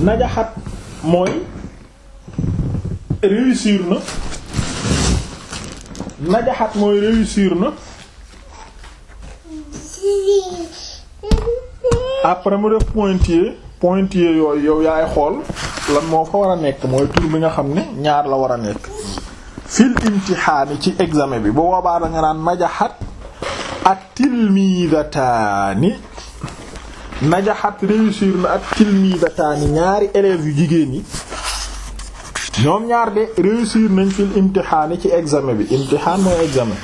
najaxat mooy réussir na najaxat mooy réussir na après mu def pointillé pointillé yow yaay xool lan moo fa war a nekk mooy tur bi nga xam ne ñaar la war a nekk fil imtixaani ci examen bi boo boobaa da nga naan najaxat ak tilmiidataani najaxat réussir na ak tilmiidataani ñaari élèves yu jigéen yi ñoom ñaar de réussir nañ fil imtixaani ci examen bi imtixaan mooy examen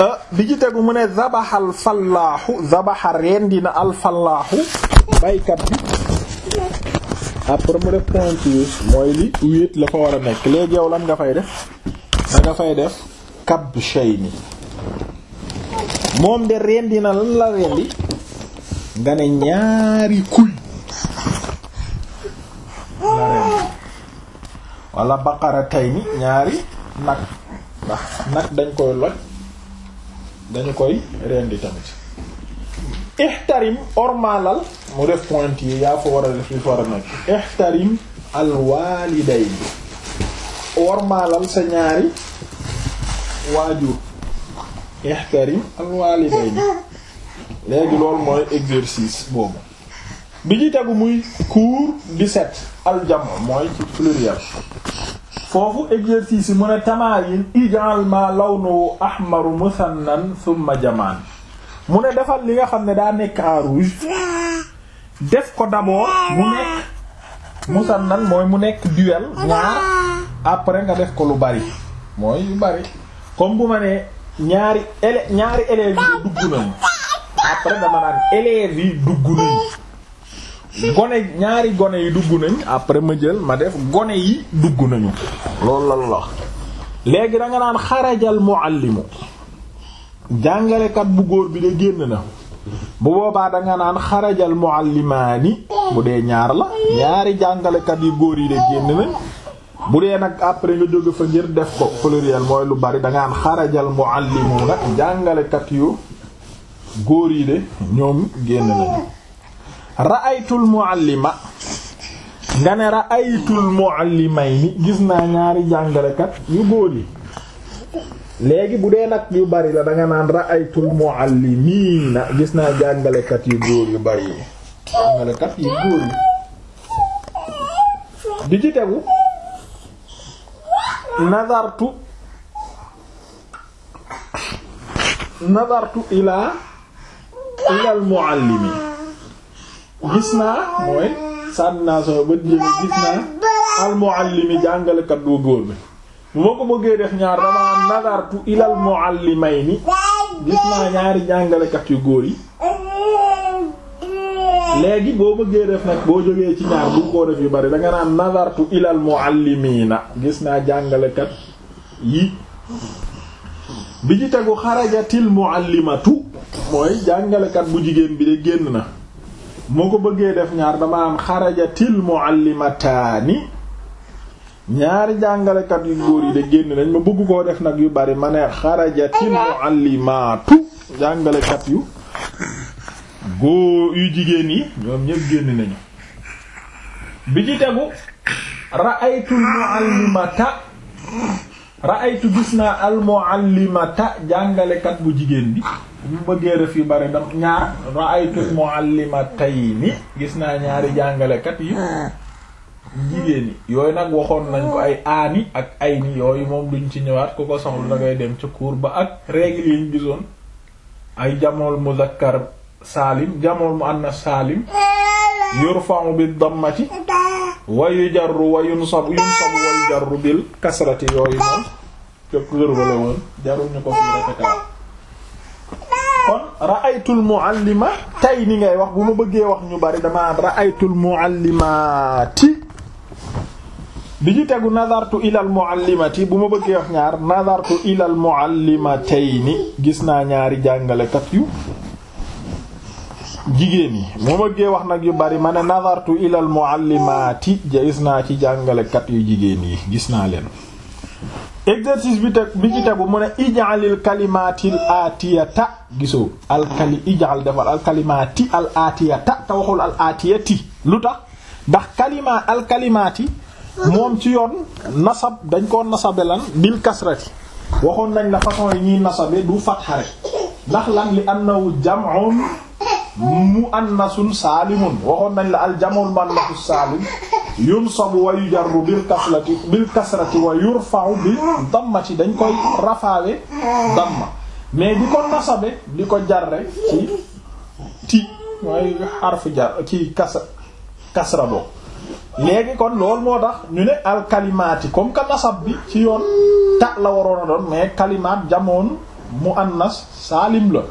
ah, bi ci tegu mu ne zabaxal fallaaxu zabaxa rendi na al fallaaxu baykat bi après mu def pointure mooy la fa war a nekk léegi yow lan nga fay def da nga fay def kab shayni moom de rendi na lan la rendi nga ne ñaari kuy wala baqara tay ni ñaari nag ndax nag dañ koy loj dañu koy rendi tamit ixtarim ormalal mu def point yi yaa fa war a def li fa war a nekk ixtarim al walidayn ormalal sa ñaari waajur ixtarim al walidayn léegi loolu mooy exercice boobu bi ci tegu muy cours 17 aljam mooy ci pluriel foofu exercice yi mu ne tamaayin ijal ma lawnu ahmaru musannan thumma jamaan mu ne defal li nga xam ne daa nekk en rouge def ko d'abord mu nekk musannan mooy mu nekk duel ñaar après nga def ko lu bari mooy yu bari comme bu ma nee ñaari élèves ñaari élèves dugg nañu après dama naan élèves yi dugg nañu gone ñaari gone yi dugg nañ après ma jël ma def gone yi dugg nañu loolu la la léegi da naan xarajal muallimu jàngalekat bu góor bi de génn na bu boobaa danga naan xarajal muallimaani bu dee ñaar la ñaari jàngalekat yu góor yi de génn nañ bu dee nag après nga jóge fa ngir def ko pluriel mooy lu bari da nga naan xarajal muallimuuna jàngalekat yu góor yi de ñoom génn na ra'aytul muallima nga ne ra'aytul muallimayni gis naa ñaari jàngalekat yu góor yi léegi bu dee nag yu bari la danga naan ra'aytul muallimiina gis naa jàngalekat yu góor yu bari yi jàngalekat yu góor yi di ci tegu nazartu nazartu ilaa ilal muallimi gis naa mooy sànni naa sama bët jële gis naa almuallimi jàngalekat bu góor bi bu ma ko bëggee def ñaar dama nadartu ilal muallimayni gis naa ñaari jàngalekat yu góor yi léegi boo bëggee def nag boo jógee ci ñaar bu ko def yu bari danga naan nadartu ilal muallimiina gis naa jàngalekat yi bi ci tegu xarajatil muallimatu mooy jàngalekat bu jigéen bi de génn na moo ko bëggee def ñaar dama am xarajatil ni ñaari jàngalekat yu góor yi de génn nañ ma bëgg koo def nag yu bari ma ne xarajatil muallimaatu jàngalekat yu góor yu jigéen yi ñoom ñëpp génn nañu bi ci tegu ra'aytul muallimata ra'aytu gis naa al muallimata jàngalekat bu jigéen bi ñu bëggee def yu bari dam ñaar ra'aytu muallimatayni gis naa ñaari jàngalekat yi ah. jigéen ñi yooyu nag waxoon nañ ko ay aani ak ay ni yooyu moom duñ ci ñëwaat ku ko soxla da ngay dem ci cours ba ak règle yi ñu gisoon ay jamool muzakkar saalim jamool mu annas saalim yurfa'u bi dammati wa yujarru wa yunsabu yunsabu wa yujarru bil kasrati yooyu moom ca ba la woon jaruñu ko fi rafetal kon ra'aytul muallima ngay wax bu ma bëggee wax ñu bari dama naan ra'aytul bi ci tegu nazartu ilal muallimati bu ma bëggee wax ñaar nazartu ilal muallimatayni gis naa ñaari jàngalekat yu jigéen yi mu bëggee wax nag yu bari ma ne nazartu ilal muallimati gis naa ci jàngalekat yu jigéen yi gis naa leen exercice bi teg bi ci tegu mu ne ij'alil kalimaatil aatiyata gisoo al aatiyata te waxul al aatiyati lu tax ndax kalima alkalimaati moom ci yoon nasab dañ ko nasabe lan bil kasrati waxoon nañ la façon yi ñuy nasabe du fatha rek ndax lan li annahu jam'un mu annasun saalimun waxoon nañ la al aljamul mannasu saalim yunsabu wa yujarru bil kasrati bil kasrati wa yurfa'u bi dammati dañ koy rafaawe damma mais di ko nasabe di ko jarre ci ti mooy xarfu jar ci kasra kasra boo léegi kon loolu moo tax ñu ne alkalimaati comme que nasab bi ci yoon ta la waroon a doon mais kalimaat jamoon mu annas saalim la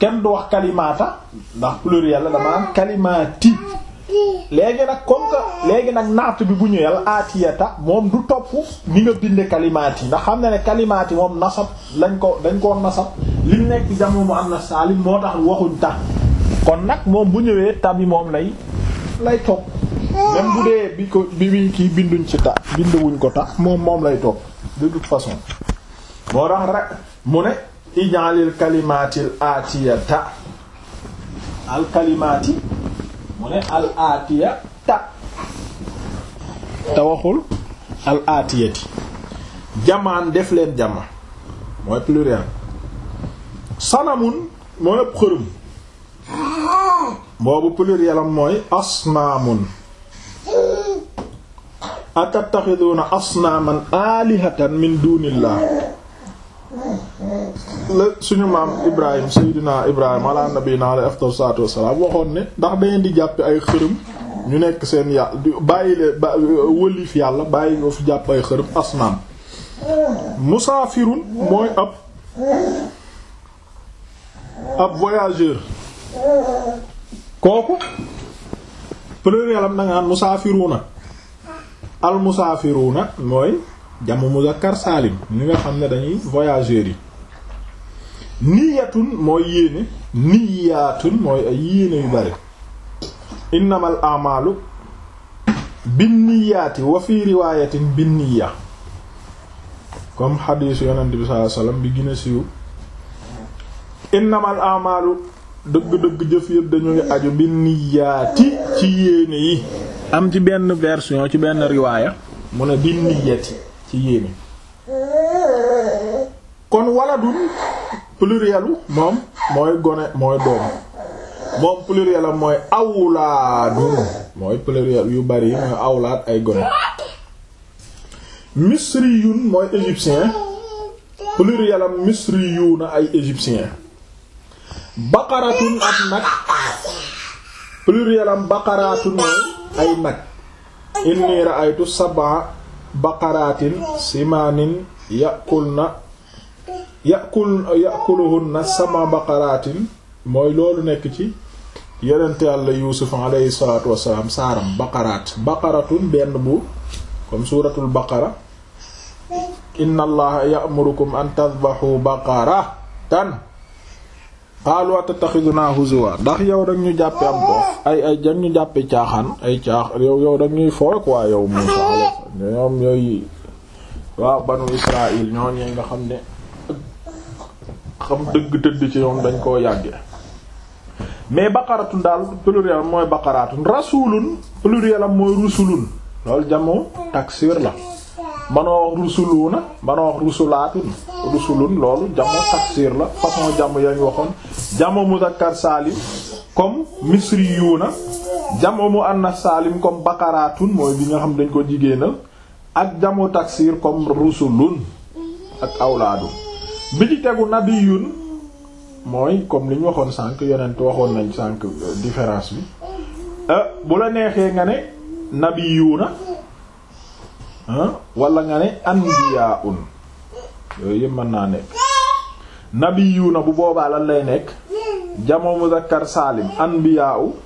kenn du wax kalimata ndax pluriel la dama am kalimati léegi nag comme léegi nag naat bi bu ñëwee al atiyata moom du topp ni nga binde kalimaat yi ndax xam na ne kalimaat yi moom nasab lañ ko dañ koo nasab li nekk jamono mu am na saalim moo tax waxuñ tax kon nag moom bu ñëwee tabi moom lay lay topp même bu dee bi ko bi muy kii binduñ ci ta binduwuñ ko tax moom moom lay topp de toute façon moo tax rek mu ne ijaalil kalimaatil aatiyata al kalimaati mu ne al aatiyata te al aatiyati jamaan def leen jama mooy pluriel sanamun mooy ëpp xërëm boobu pluriel am mooy asnaamun atattaxiduuna asnaaman aalihatan min duunillah la suñu maam Ibrahim Seydina Ibrahim ala nabiyina alayhi afdalu salaatu wassalaam waxoon ne ndax dangeen di jàppe ay xërëm ñu nekk seen yàlla bàyyi la bàyyi nga fi jàpp ay xërëm asnaam musaafirun mooy ab ab voyageur kooku pluriel am na nga am musaafiruna al musaafiruna mooy jamu muzakkar saalim ñi nga xam ne dañuy voyageurs yi niyatun mooy yéene niyaatun mooy ay yéene yu bari innamal a'malu binniyaati wa fi riwaayatin binniya comme xadiisu yonent bi sallallahu alayhi bi gën siiw innamal a'malu dëgg-dëgg jëf yëpp dañu ngi aju ci yéene yi am ci benn version ci benn riwaaya mu ne binniyati ci yéene kon waladun plurielu moom mooy gone mooy doom moom plurielu mooy awlaadun mooy pluriel yu bari mooy awlaad ay gone misriyun mooy égyptien plurielam misriyuna ay égyptien baqaratun ak nag plurielam baqaratun mooy ay nag inni ra'aytu sab'a baqaratin simanin yakulna yakul na sama baqaraatin mooy loolu nekk ci yonent yàlla yuusuf alayhi salaatu wassalaam saaram baqaraat baqaratun benn bu comme suuratul baqara inna allaha ya'murukum an tadbahu baqaratan qaalu atattaxiduna huzuwa ndax yow dag ñu jàppe am ko ay ay dag ñu jàppe caaxaan ay caax yow yow dag ñuy fooy quoi yow Muusaa ñoom yooyu waaw banu Israaïl ñoo ñee nga xam ne xam dëgg tëdd ci yoon dañ koo yàgge mais baqaratun daal pluriel mooy baqaratun rasulun pluriel am mooy rusulun loolu jamu taksir la manoo wax rusuluuna manoo wax rusulaatun rusulun loolu jamu taksir la façon jamu yañ waxoon jamu muzakkar saalim comme misriyuuna jamu muannas saalim comme baqaratun mooy bi nga xam dañ ko jigéenal ak jamu taksir comme rusulun ak awlaadu bi di tegu nabiyun mooy comme li ñu waxoon sànq yonent waxoon nañ sànq euh, différence bi euh, bu la neexee nga ne nabiyuna wala nga ne anbiyaun yooyu yëpp mën naa nekk nabiyuna bu boobaa lan lay nekk jamo muzakkar saalim anbiyaau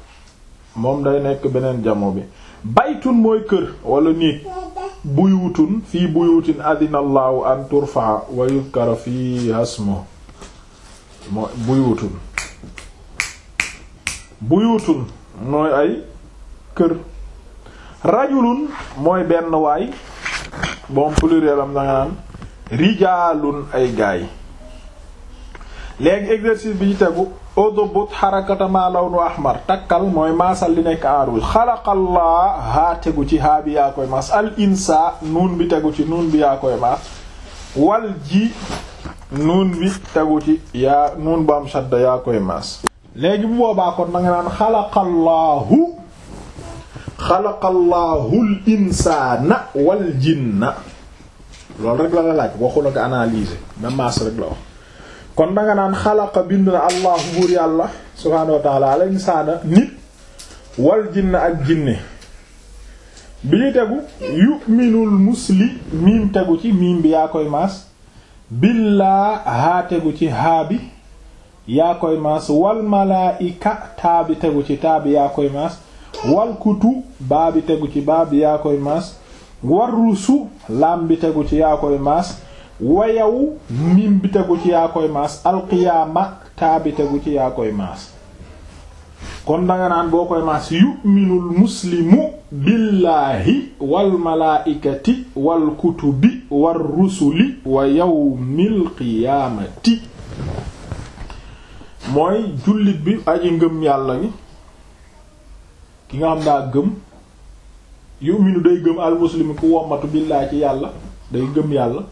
moom day nekk beneen jamo bi baytun mooy kër walla néeg buyutun fii buyutin adinallahu an turfa wa yuzkara fii buy mooy buyutun buyutun mooy ay kër rajulun mooy benn waay bon pluriel am na nga naan rijaalun ay gaay léegi exercice bi ci tegu odobut xarakata ma lawnu ahmar takkal mooy maasal li nekk en rouge xalaqallaa haa tegu ci haa bi yaa maas al insa nuun bi tegu ci nuun bi yaa koy maas wal ji nuun bi tegu ci yaa nuun bu am shadda yaa maas léegi bu boobaa kon na nga naan xalaqallaahu xalaqallaahul insaana wal jinna loolu rek la la laaj waxu la ko na maas rek wax kon danga naan xalaqa bind na allahu buur yàlla subhaanahu wa taala al nit wal jinne ak jinne bi ñu tegu yu'minul musli miim tegu ci miim bi yaa koy maas billaa haa tegu ci haa bi yaa koy maas wal malaa'ika taa tegu ci taa yaa koy maas wal kutu baa bi tegu ci baa bi yaa koy maas war rusu laam bi tegu ci yaa koy maas wayaw yow bi tegu ci yaa koy maas alqiyaama taa bi tegu ci yaa koy maas kon danga naan boo koy maas yu'minul muslimu billaahi wal malaa'ikati wal kutubi war rusuli wa yawmil qiyaamati mooy jullit bi aji ngëm yàlla ki nga xam daa gëm yu'minu day gëm al muslimu ku wommatu billaahi ci yàlla day gëm yàlla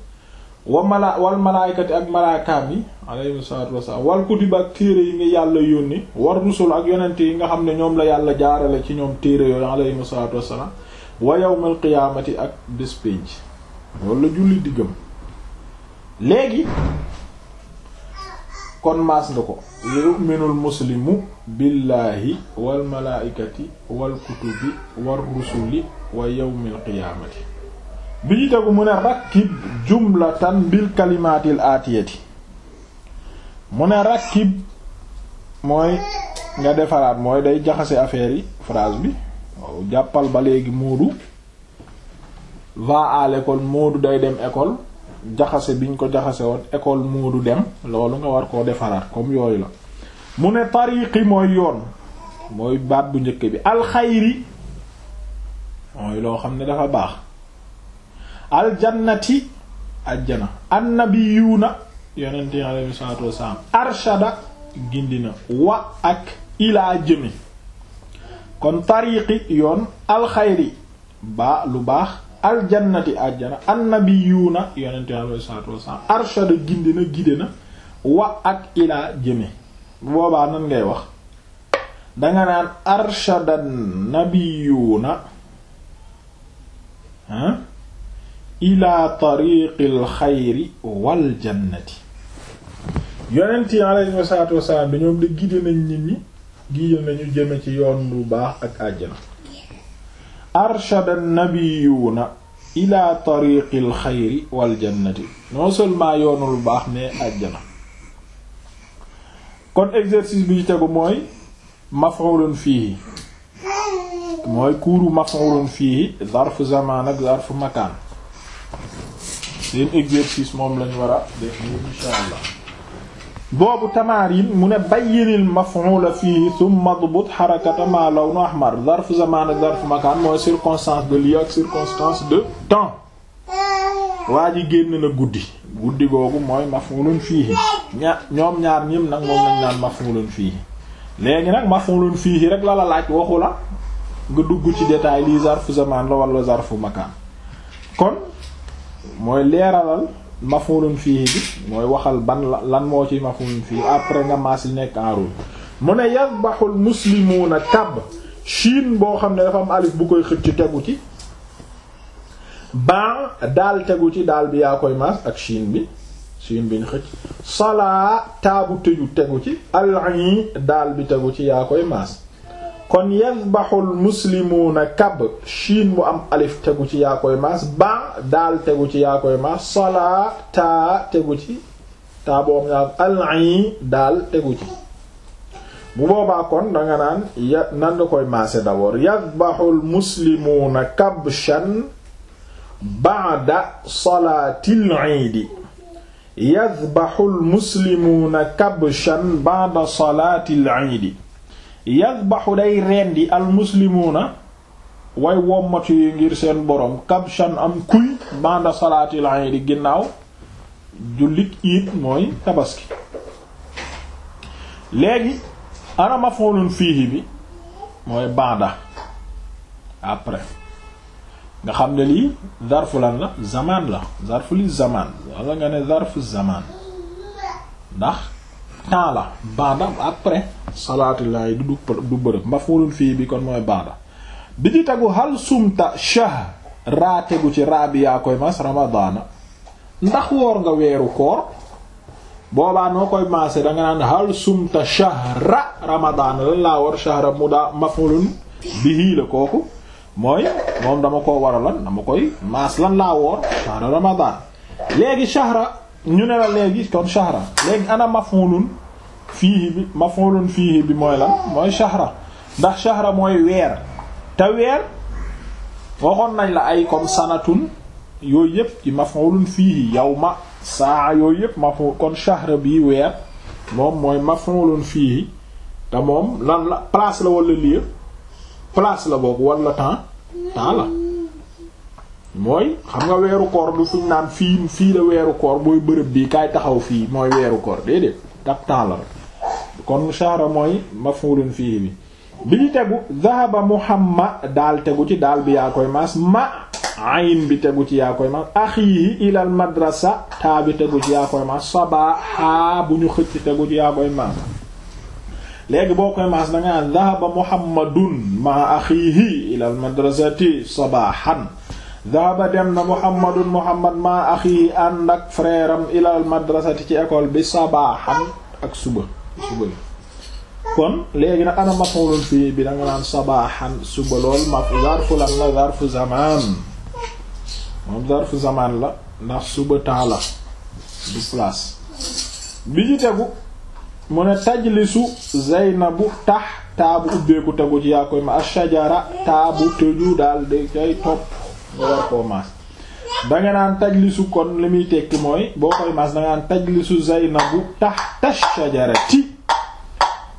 wa mala wal malaayikati ak malaakaam yi alayhi salaatu wasalaam wal kutib ak téere yi nga yàlla yónni war rusul ak yonent yi nga xam ne ñoom la yàlla jaarale ci ñoom téere yooyu alayhi salaatu wasalaam wa yawmal qiyaamati ak bés pénc la julli di gëm léegi kon maas nga ko yu'minul muslimu billaahi wal malaayikati wal kutubi war rusuli wa yawmil qiyaamati bi ñu tegu mu ne rakkib jumlatan bil kalimaatil aatiyati mu ne rakkib mooy nga defaraat mooy day jaxase affaire yi phrase bi waaw jàppal ba léegi Moodu va à l'école Moodu day dem école jaxase biñ ko jaxase woon école Moodu dem loolu nga war koo defaraat comme yooyu la mu ne tariqi mooy yoon mooy baat bu njëkk bi alxayri mooy loo xam ne dafa baax aljannati ajjana annabiyuuna arshada gindina wa ak ilaa jëmi kon tariqi yoon alxayri baa lu baax aljannati ajjana annabiyuuna yonent yi alayhi salaatu wasalaam arshada gindina gidena wa ak ilaa jëmi boobaa nan ngay wax danga naan arshada nabiyuuna ila tariqil xayri wal jannati yonent yi alayhi salaatu wasalaam dañoom de guidé nañ nit ñi ci yoon bu baax ak àjjana arshada nabiyuuna ila tariqil xayri wal jannati non seulement yoonu lu baax mais àjjana kon exercice bi ci tegu mooy maf'ulun fihi mooy kuuru maf'ulun fihi zarfu zamaan ak zarfu makaan seen exercice moom lañu war a def ni insha allah boobu tamarin mu ne bayyinil maf'ula fihi thumma dbut harakata ma lawnu ahmar zarf zaman ak zarf makan mooy circonstance de lieu ak circonstance de temps waa ji génn na guddi guddi googu mooy maf'ulun fihi ña ñoom ñaar ñim nag moom lañ naan maf'ulun fihi léegi nag maf'ulun fihi rek la la laaj waxu la nga dugg ci détail lii zarf zaman la wala sarfu makan kon mooy leeralal mafulun fii bi mooy waxal ban la lan moo ci mafulun fii après nga maas li nekk en rouge mu ne yadbahul muslimuuna kab shiin boo xam ne dafa am alif bu koy xëcc tegu ci ban daal tegu ci daal bi yaa koy maas ak shiin bi shiin bi ñu xëcc salaa taabu tëju tegu ci al daal bi tegu ci yaa koy maas kon yadbaxul muslimuuna kab shiin bu am alif tegu ci yaa koy maas ba daal tegu ci yaa koy maas solaa tegu ci taa boo xam nga daal tegu ci bu boobaa kon danga naan ya koy maase d'abord yadbaxul muslimuuna kabshan ba'da solaatil iidi yadbaxul muslimuuna kabshan yadbaxu day rendi almuslimuuna way wommatu yi ngir seen boroom kabshan am kuy banda salaatil ayn di ginnaaw jullit iit mooy tabaski léegi ana maf'ulun fiihi bi mooy banda après nga xam ne lii zarfu lan la zamaan la zarfu li zamaan wala nga ne zarfu zamaan ndax temps la baada après salaatullahi du du bërëb mafulul fii bi kon mooy baada bi ci tegu hal sumta shah raa tegu ci raa bi yaa koy mas ramadaana ndax woor nga weeru koor boobaa noo koy maase danga naan hal sumta shahra ramadaana lan laa war shahra mu daa mafulun bihi la kooku mooy moom dama ko war a lan dama koy maas lan laa woor shahra ramadaan léegi shahra ñu ne la léegi kon shahra léegi ana maf'ulun fiihi bi maf'ulun fiihi bi mooy lan mooy shahra ndax shahra mooy weer te weer waxoon nañ la ay comme sanatun yooyu yëpp ci maf'ulun fiihi ma saa yooyu yëpp maf'ul kon shahra bi weer moom mooy maf'ulun fiihi te moom lan la place la wala liir place la boobu wala temps temps la mooy xam nga weeru koor du fuñ naan fii fii la weeru koor buy bërëb bii kaay taxaw fii mooy weeru koor déedéet dab temps la rek kon shahra mooy maf'ulun fii bi bi ñu tegu daal bi yaa koy maas ma ayin bi tegu ci yaa koy maas axiihi ilal madrasa taa bi tegu ci yaa koy maas sabaha bu ñu xëcc tegu ci yaa koy maas léegi boo koy maas danga naan zahaba muhammadun ma axiihi ilal madrasati sabahan daaba dem na muhammadun muhammad maa axi ànd ak frère ilal madrasati ci école bi sabaaxan ak suba suba kon léegi nag ana maf'ulun fii bi da naan sabaaxan suba lool ma zarfu la zarfu zamaan moom la ndax suba temps la du place bi ci tegu mu ne tajlisu zaynabu tax taabu ubbeeku tegu ci yaa koy ma ashajara taabu tëju daal di kay topp nga war koo danga naan tajlisu kon li muy tekki mooy boo koy maas danga naan tajlisu Zaynabu tahta shajarati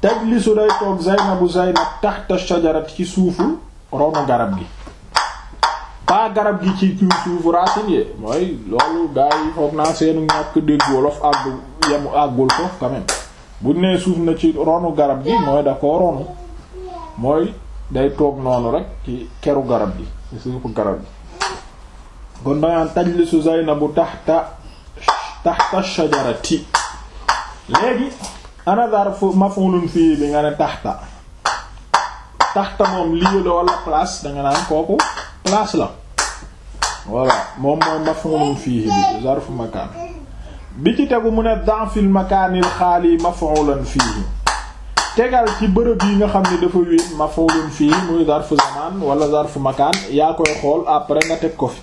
tajlisu day toog Zaynabu Zaynab tahta shajarati ci suufu ronu garab gi pas garab gi ci suufu racine yi mooy loolu gars yi foog naa seenu ñàkk dégg wolof àggu yemu àggul foofu quand bu ne suuf na ci ronu garab gi mooy da koo ronu mooy day toog noonu rek ci keru garab gi ci suufu garab gi kon dangaan tajlisu Zaynabu taxta taxta shajarati léegi ana zarfu maf'ulun fii bi nga ne taxta taxta moom lieu la wala place danga naan kooku place la voilà moom mooy maf'ulun fii bi zarfu makaan bi ci tegu mu ne danfil makaanil xaali maf'ulun fii tegal ci bërëb yi nga xam ni dafa wéet maf'ulun fihi muy zarfu zamaan wala zarfu makaan yaa koy xool après nga teg ko fi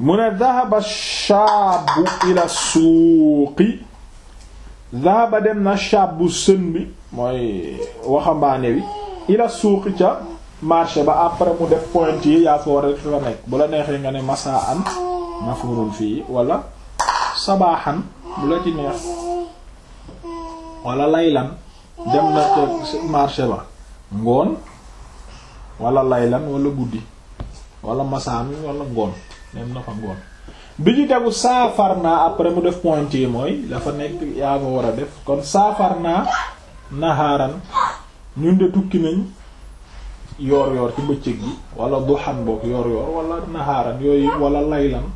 mu ne dhahaba shaabu ila suuqi dhahaba dem na shaabu sën bi mooy waxambaane wi ila suuqi ca marché ba après mu def point yi yaa fa war fa nekk bu la neexee nga ne masaan mafurun fii wala sabaaxan bu la ci neex wala laylan dem na ca marché ba ngoon wala laylan wala guddi wala masaan wala ngoon même na fa ngoon bi ñu tegu saafar naa après mu def pointé mooy dafa nekk yaa ko war a def kon saafar naa naxaaran ñun de tukki nañ yoor yoor ci bëccëg gi wala duxan boog yoor yoor wala naxaaran yooyu wala laylan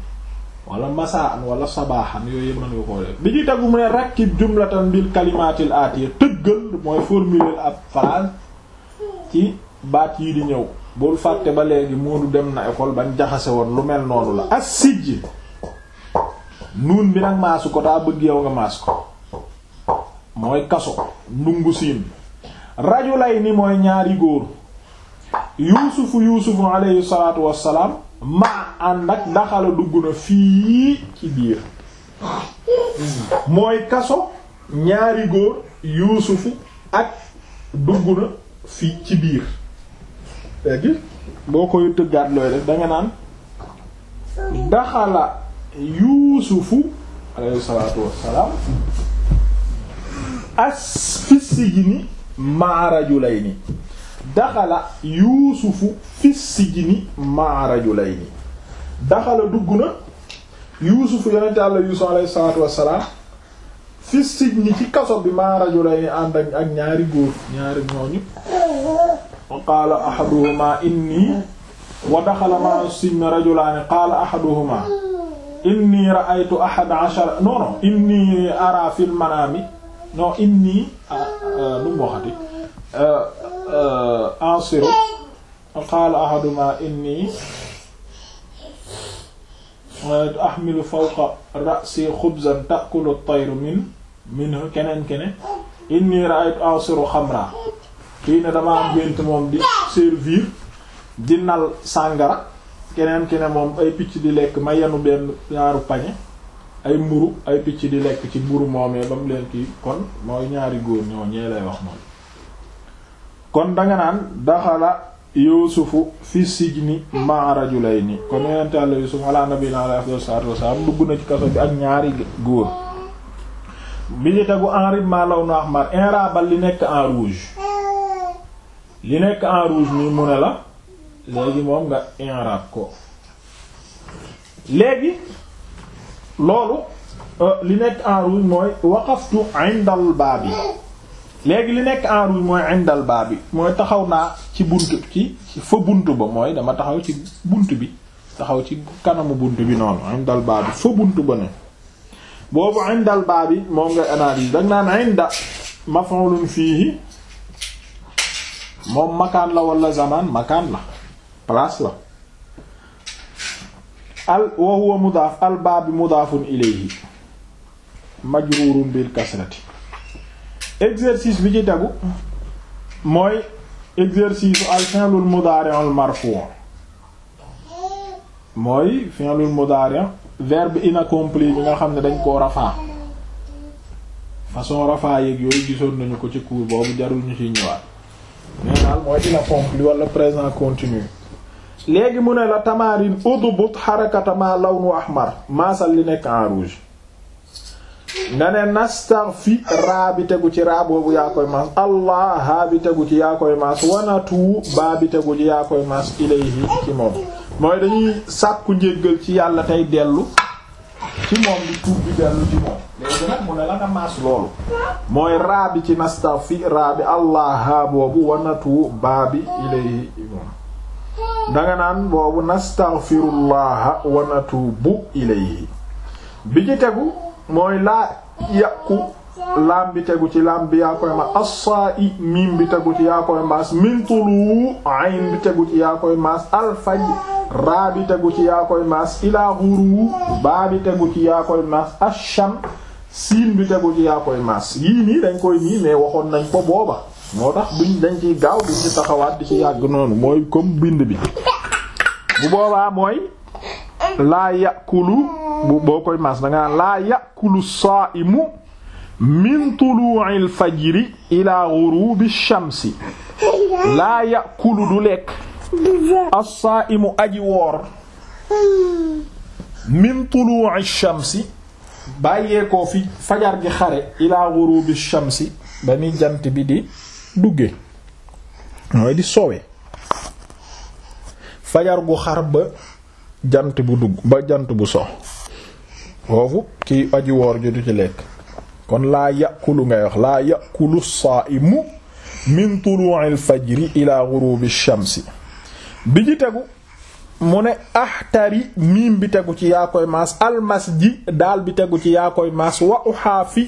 wala masaan wala sabaaxan yooyu yëpp mën nga koo def bi ñu tegu mu ne rakkib jumlatan bil kalimaatil aatiya tëggal mooy formuler ab phrase ci baat yi di ñëw bul fàtte ba léegi Moodu dem na école bañ jaxase woon lu mel noonu la asij nuun bi nag maasu ko daa bëgg yow nga maas ko mooy kaso ndungu siin rajulay ni mooy ñaari góor yuusufu yuusufu alayhi maa ànd ak daxala dugg na fii ci biir mooy kaso ñaari góor yuusufu ak dugg na fii ci biir léegi boo koy tëggaat looy def danga naan daxala yuusufu alayhi salaatu wassalaam as fi sijni maa rajulayni daxala yuusufu fi sijni maa rajulayni daxala dugg na yuusufu yonent Yàlla yuusuf alayhi salaatu wassalaam fi sijni ci kaso bi maa rajulayni ànd ak ñaari góor ñaari ñooñu wa qaala ahaduhuma inni wa daxala ma'a as-sijn rajulaani qaala ahaduhuma inni ra'aytu ahad ashara non non inni ara fil manaami non inni ah, ah, lu mu waxati ah, ansiru qaala ahaduhuma inni ahmilu fawqa ra'si xubzan ta'kulu at-tayru min minhu keneen keneen inni ra'aytu ansiru xamra kii ne dama am gént moom di servir di nal sàngara keneen ki ne moom ay picc di lekk ma yenu benn ñaaru pañe ay mburu ay picc di lekk ci mburu moomee ba mu leen kii kon mooy ñaari góor ñoo ñee lay wax noonu kon danga naan daxala yuusufu fi sijni ma rajulayni kon yonent Yàlla yuusuf ala nabiyina alayhi salaatu wassalaam dugg na ci kaso bi ak ñaari góor bi ñu tegu enrib ma law nu ahmar inraabal li nekk en rouge li nekk en rouge mu ne la léegi moom nga inrab ko léegi loolu euh, li nekk en rouge mooy waqaftu indal baabi léegi li nekk en rouge mooy indal baabi mooy taxaw naa ci buntu ci fa bunt ba mooy dama taxaw ci bunt bi taxaw ci kanamu bunt bi noonu indal baabi fa buntu ba ne boobu indal baabi moom ngay analyse dag naan inda maf'ulun fihi moom makaan la wala zamaan makaan la place la al wa mudaaf al baab mudaafun ilayhi majruurun bil kasrati exercice bi ci tegu mooy exercice al fi'lul mudaari'ul marfuu' mooy fi'lul mudaari' verbe inaccompli bi nga xam ne dañ koo rafaa façon rafaa yeeg yooyu gisoon nañu ko ci cours boobu jarul ñu ci ñëwaat nee naal mooy ila léegi mu ne la tamarin udbut xarakata ma lawnu ahmar maasal li nekk en rouge nga ne nastaghfi raa ci raa boobu yaa koy maas allah haa ci yaa koy maas wanatu baa ci yaa koy maas ilayhi ci moom mooy dañuy sàkku njéggal ci yàlla tey dellu ci moom tuub bi dellu ci moom léegi nag la nga maas loolu mooy raa ci nastafi raa bi boobu wanatu baa bi moom danga naan boobu nastaghfirullaha wa natubu ilayhi bi ci tegu mooy laa yàqu laam tegu ci laam bi ma assa i miim bi tegu ci yaa maas mintulu ayn bi tegu ci yaa maas alfaj raa bi tegu ci yaa koy maas ilaa xuru baa tegu ci yaa koy maas asham siin bi tegu ci yaa koy maas yii nii dañ koy nii mais waxoon nañ ko booba moo tax duñ dañ ciy gaaw bi ci taxawaat ci yàgg noonu mooy comme bind bi bu boobaa mooy laa yàkkulu boo koy maas danga laa yàkkulu saa imu min tuluu'il fajri ilaa ghurubi shamsi laa yàkkulu du lekk as-saa'imu aji woor min tuluu'i shamsi bàyyeekoo fi fajar gi xare ilaa ghurubi shamsi ba ni jant bi di dugge mooy di soowee fajar gu xar ba jant bu dugg ba jant bu so foofu kii aji woor du ci lekk kon laa yàqulu ngay wax laa yàqulu saa min tuluu'il fajri ilaa ghurubi shamsi bi ji tegu mu ne ahtari miim bi tegu ci yaa koy maas almas ji daal bi tegu ci yaa koy maas wa uxaafi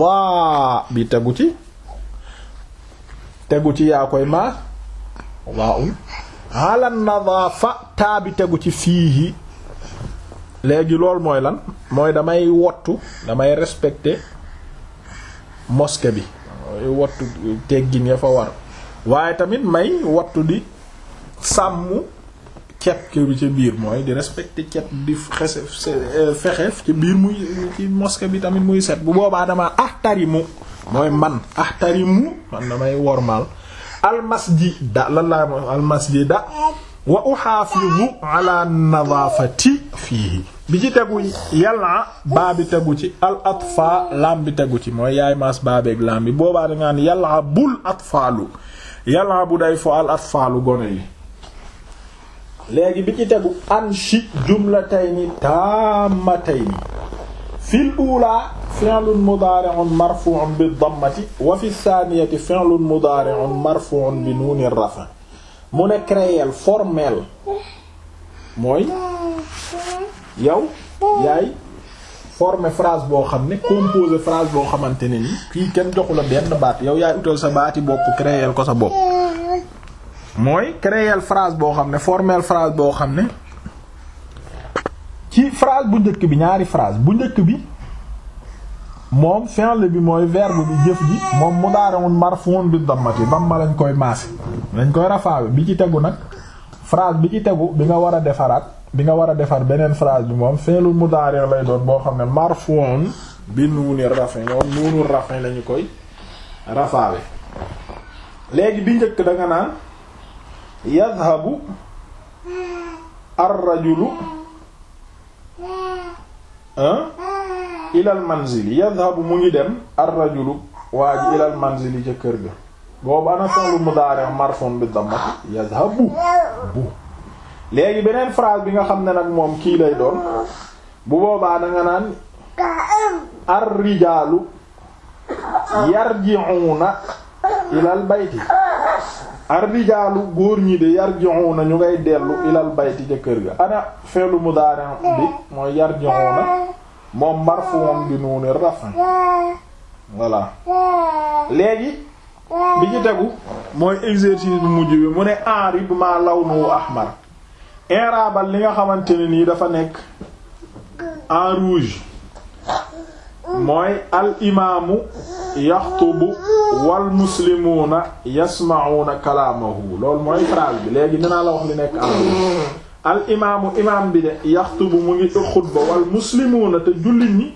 waa bi tegu ci tegu ci yaa koy maas waa u ala nadaafa taa bi tegu ci fiihi léegi lool mooy lan mooy damay wottu damay respecter mosquée bi damay wottu teggin ya fa war waaye tamit may wottu di sàmm cet bi ca biir mooy di respecter cet di xese euh, ca biir muy ci bi tamit muy set bu boobaa damaa ahtarimu mooy man ahtarimu man damay wormaal almasjida lan laa almasjida wa uhaafizu ala nadaafati fiihi bi ci tegu yàlla baa bi tegu ci al ci mooy yaay maas baabeeg lam bi boobaa dangaa ne yàlla bul atfaalu yàlla bu day fo al atfaalu gone yi léegi bi ci tegu anshi jumlatayni taamatayni fil uulaa fi'lun mudaari'un marfu'un bi dammati wa fi saaniyati fi'lun mudaari'un marfu'un bi nuuni rafa mu ne créel formel mooy yow yaay former phrase boo xam ne composer phrase boo xamante ne ni kii kenn joxu la benn baat yow yaay utal sa baati bopp créel ko sa bopp mooy créel phrase boo xam ne former phrase boo xam ne ci phrase bu njëkk bi ñaari phrase bu njëkk bi moom fi'l bi mooy verbe bi jëf ji moom mudaari'un marfu'un bi dammati ma lañ koy maase lañ koy rafaawe bi ci tegu nag phrase bi ci tegu bi nga war a defaraat bi nga war a defar beneen phrase bi moom fi'lu mudaari' lay doon boo xam ne marfu'un bi nuuni rafin moom nuunu rafin lañu koy rafaawe léegi bi njëkk danga naan yadhabu ar-rajulu ah, ilal manzili yadhabu mu ngi dem ar-rajulu waa ji ilal manzili ca kër ga boobu ana fi'lu mudaari' marfuun bi dammati yadhabu bu léegi beneen phrase bi nga xam ne nag moom kii lay doon bu boobaa danga naan ar-rijaalu yarji'uuna ilal bayti arrijaalu góor ñi de yarji'una ñu ngay dellu ilal bayti ca kër ga ana feelu mudaari bi mooy yarji'una moom marfuun bi nuuni rafan voilà léegi bi ci tegu mooy exercice bu mujj bi mu ne i'raab maa lawnuhu ahmar i'raabal li nga xamante ne nii dafa nekk en rouge mooy al imaamu yaxtubu wal muslimuuna yasma'uuna kalaamahu loolu mooy phrase bi léegi dinaa la wax li nekk am al imaamu imaam bi de yaxtubu mu ngi xutba wal muslimuuna te jullit ñi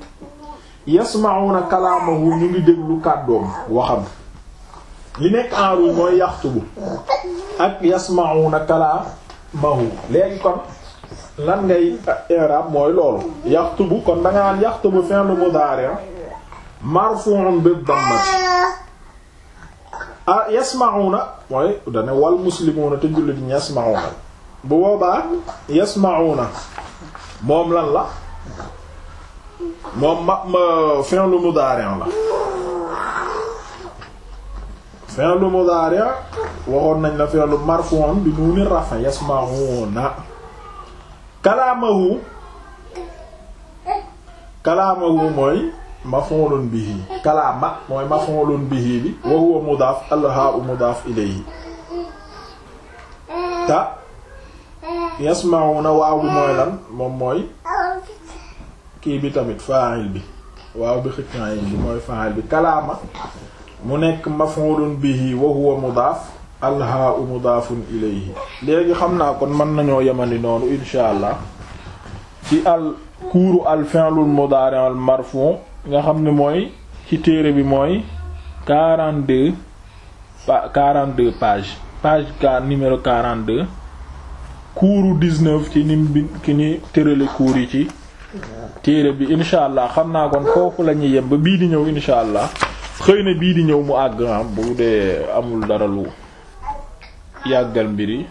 yasma'uuna kalaamahu ñu ngi déglu kàddoom waxam li nekk en mooy yaxtubu ak yasma'uuna kalaamahu léegi kon lan ngay i'rab mooy loolu yaxtubu kon da nga naan yaxtubu fi'l mudari' marfu'un bi dammati ah yasma'una mooy dane wal muslimuna te jullit ñi yasma'una bu boobaa yasma'una moom lan la moom ma ma fi'l mudari' la fi'l mudari' waxoon nañ la fi'l marfu'un bi nuuni rafa yasma'una kalaamahu kalaamahu mooy maf'ulun bihi kalaama mooy maf'ulun bihi bi wa huwa mudaaf alhaa'u mudaaf ilayhi ta yasma'una waaw bi mooy lan moom mooy kii bi tamit fa'il bi waaw bi xëccaan bi mooy fa'il bi kalaama mu nekk maf'ulun bihi wa mudaaf alhaa u mudaafun ilayhi léegi xam naa kon mën nañoo yemandi noonu insha allah ci al kuuru al fi'lul mudaari al nga xam ne mooy ci téere bi mooy 42 pa 42 page page ka numéro 42 kuuru 19 ci nim bi ki ni tërale kuur yi ci téere bi insha allah xam naa kon foofu la ñuy yem ba bii di ñëw insha allah xëy na bii di ñëw mu àgg ah, bu dee amul dara lu yàggal mbir yi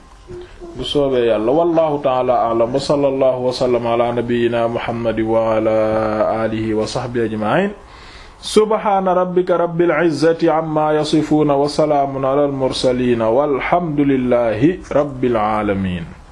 bu soobee yàlla wallahu taala alam wa sallallahu wa sallam ala nabiyyina muhammad wa ala alihi wa sahbihi ajma'in subhana rabbika rabbil izzati amma yasifuna wa salaamun ala al mursalin walhamdulillahi rabbil alamin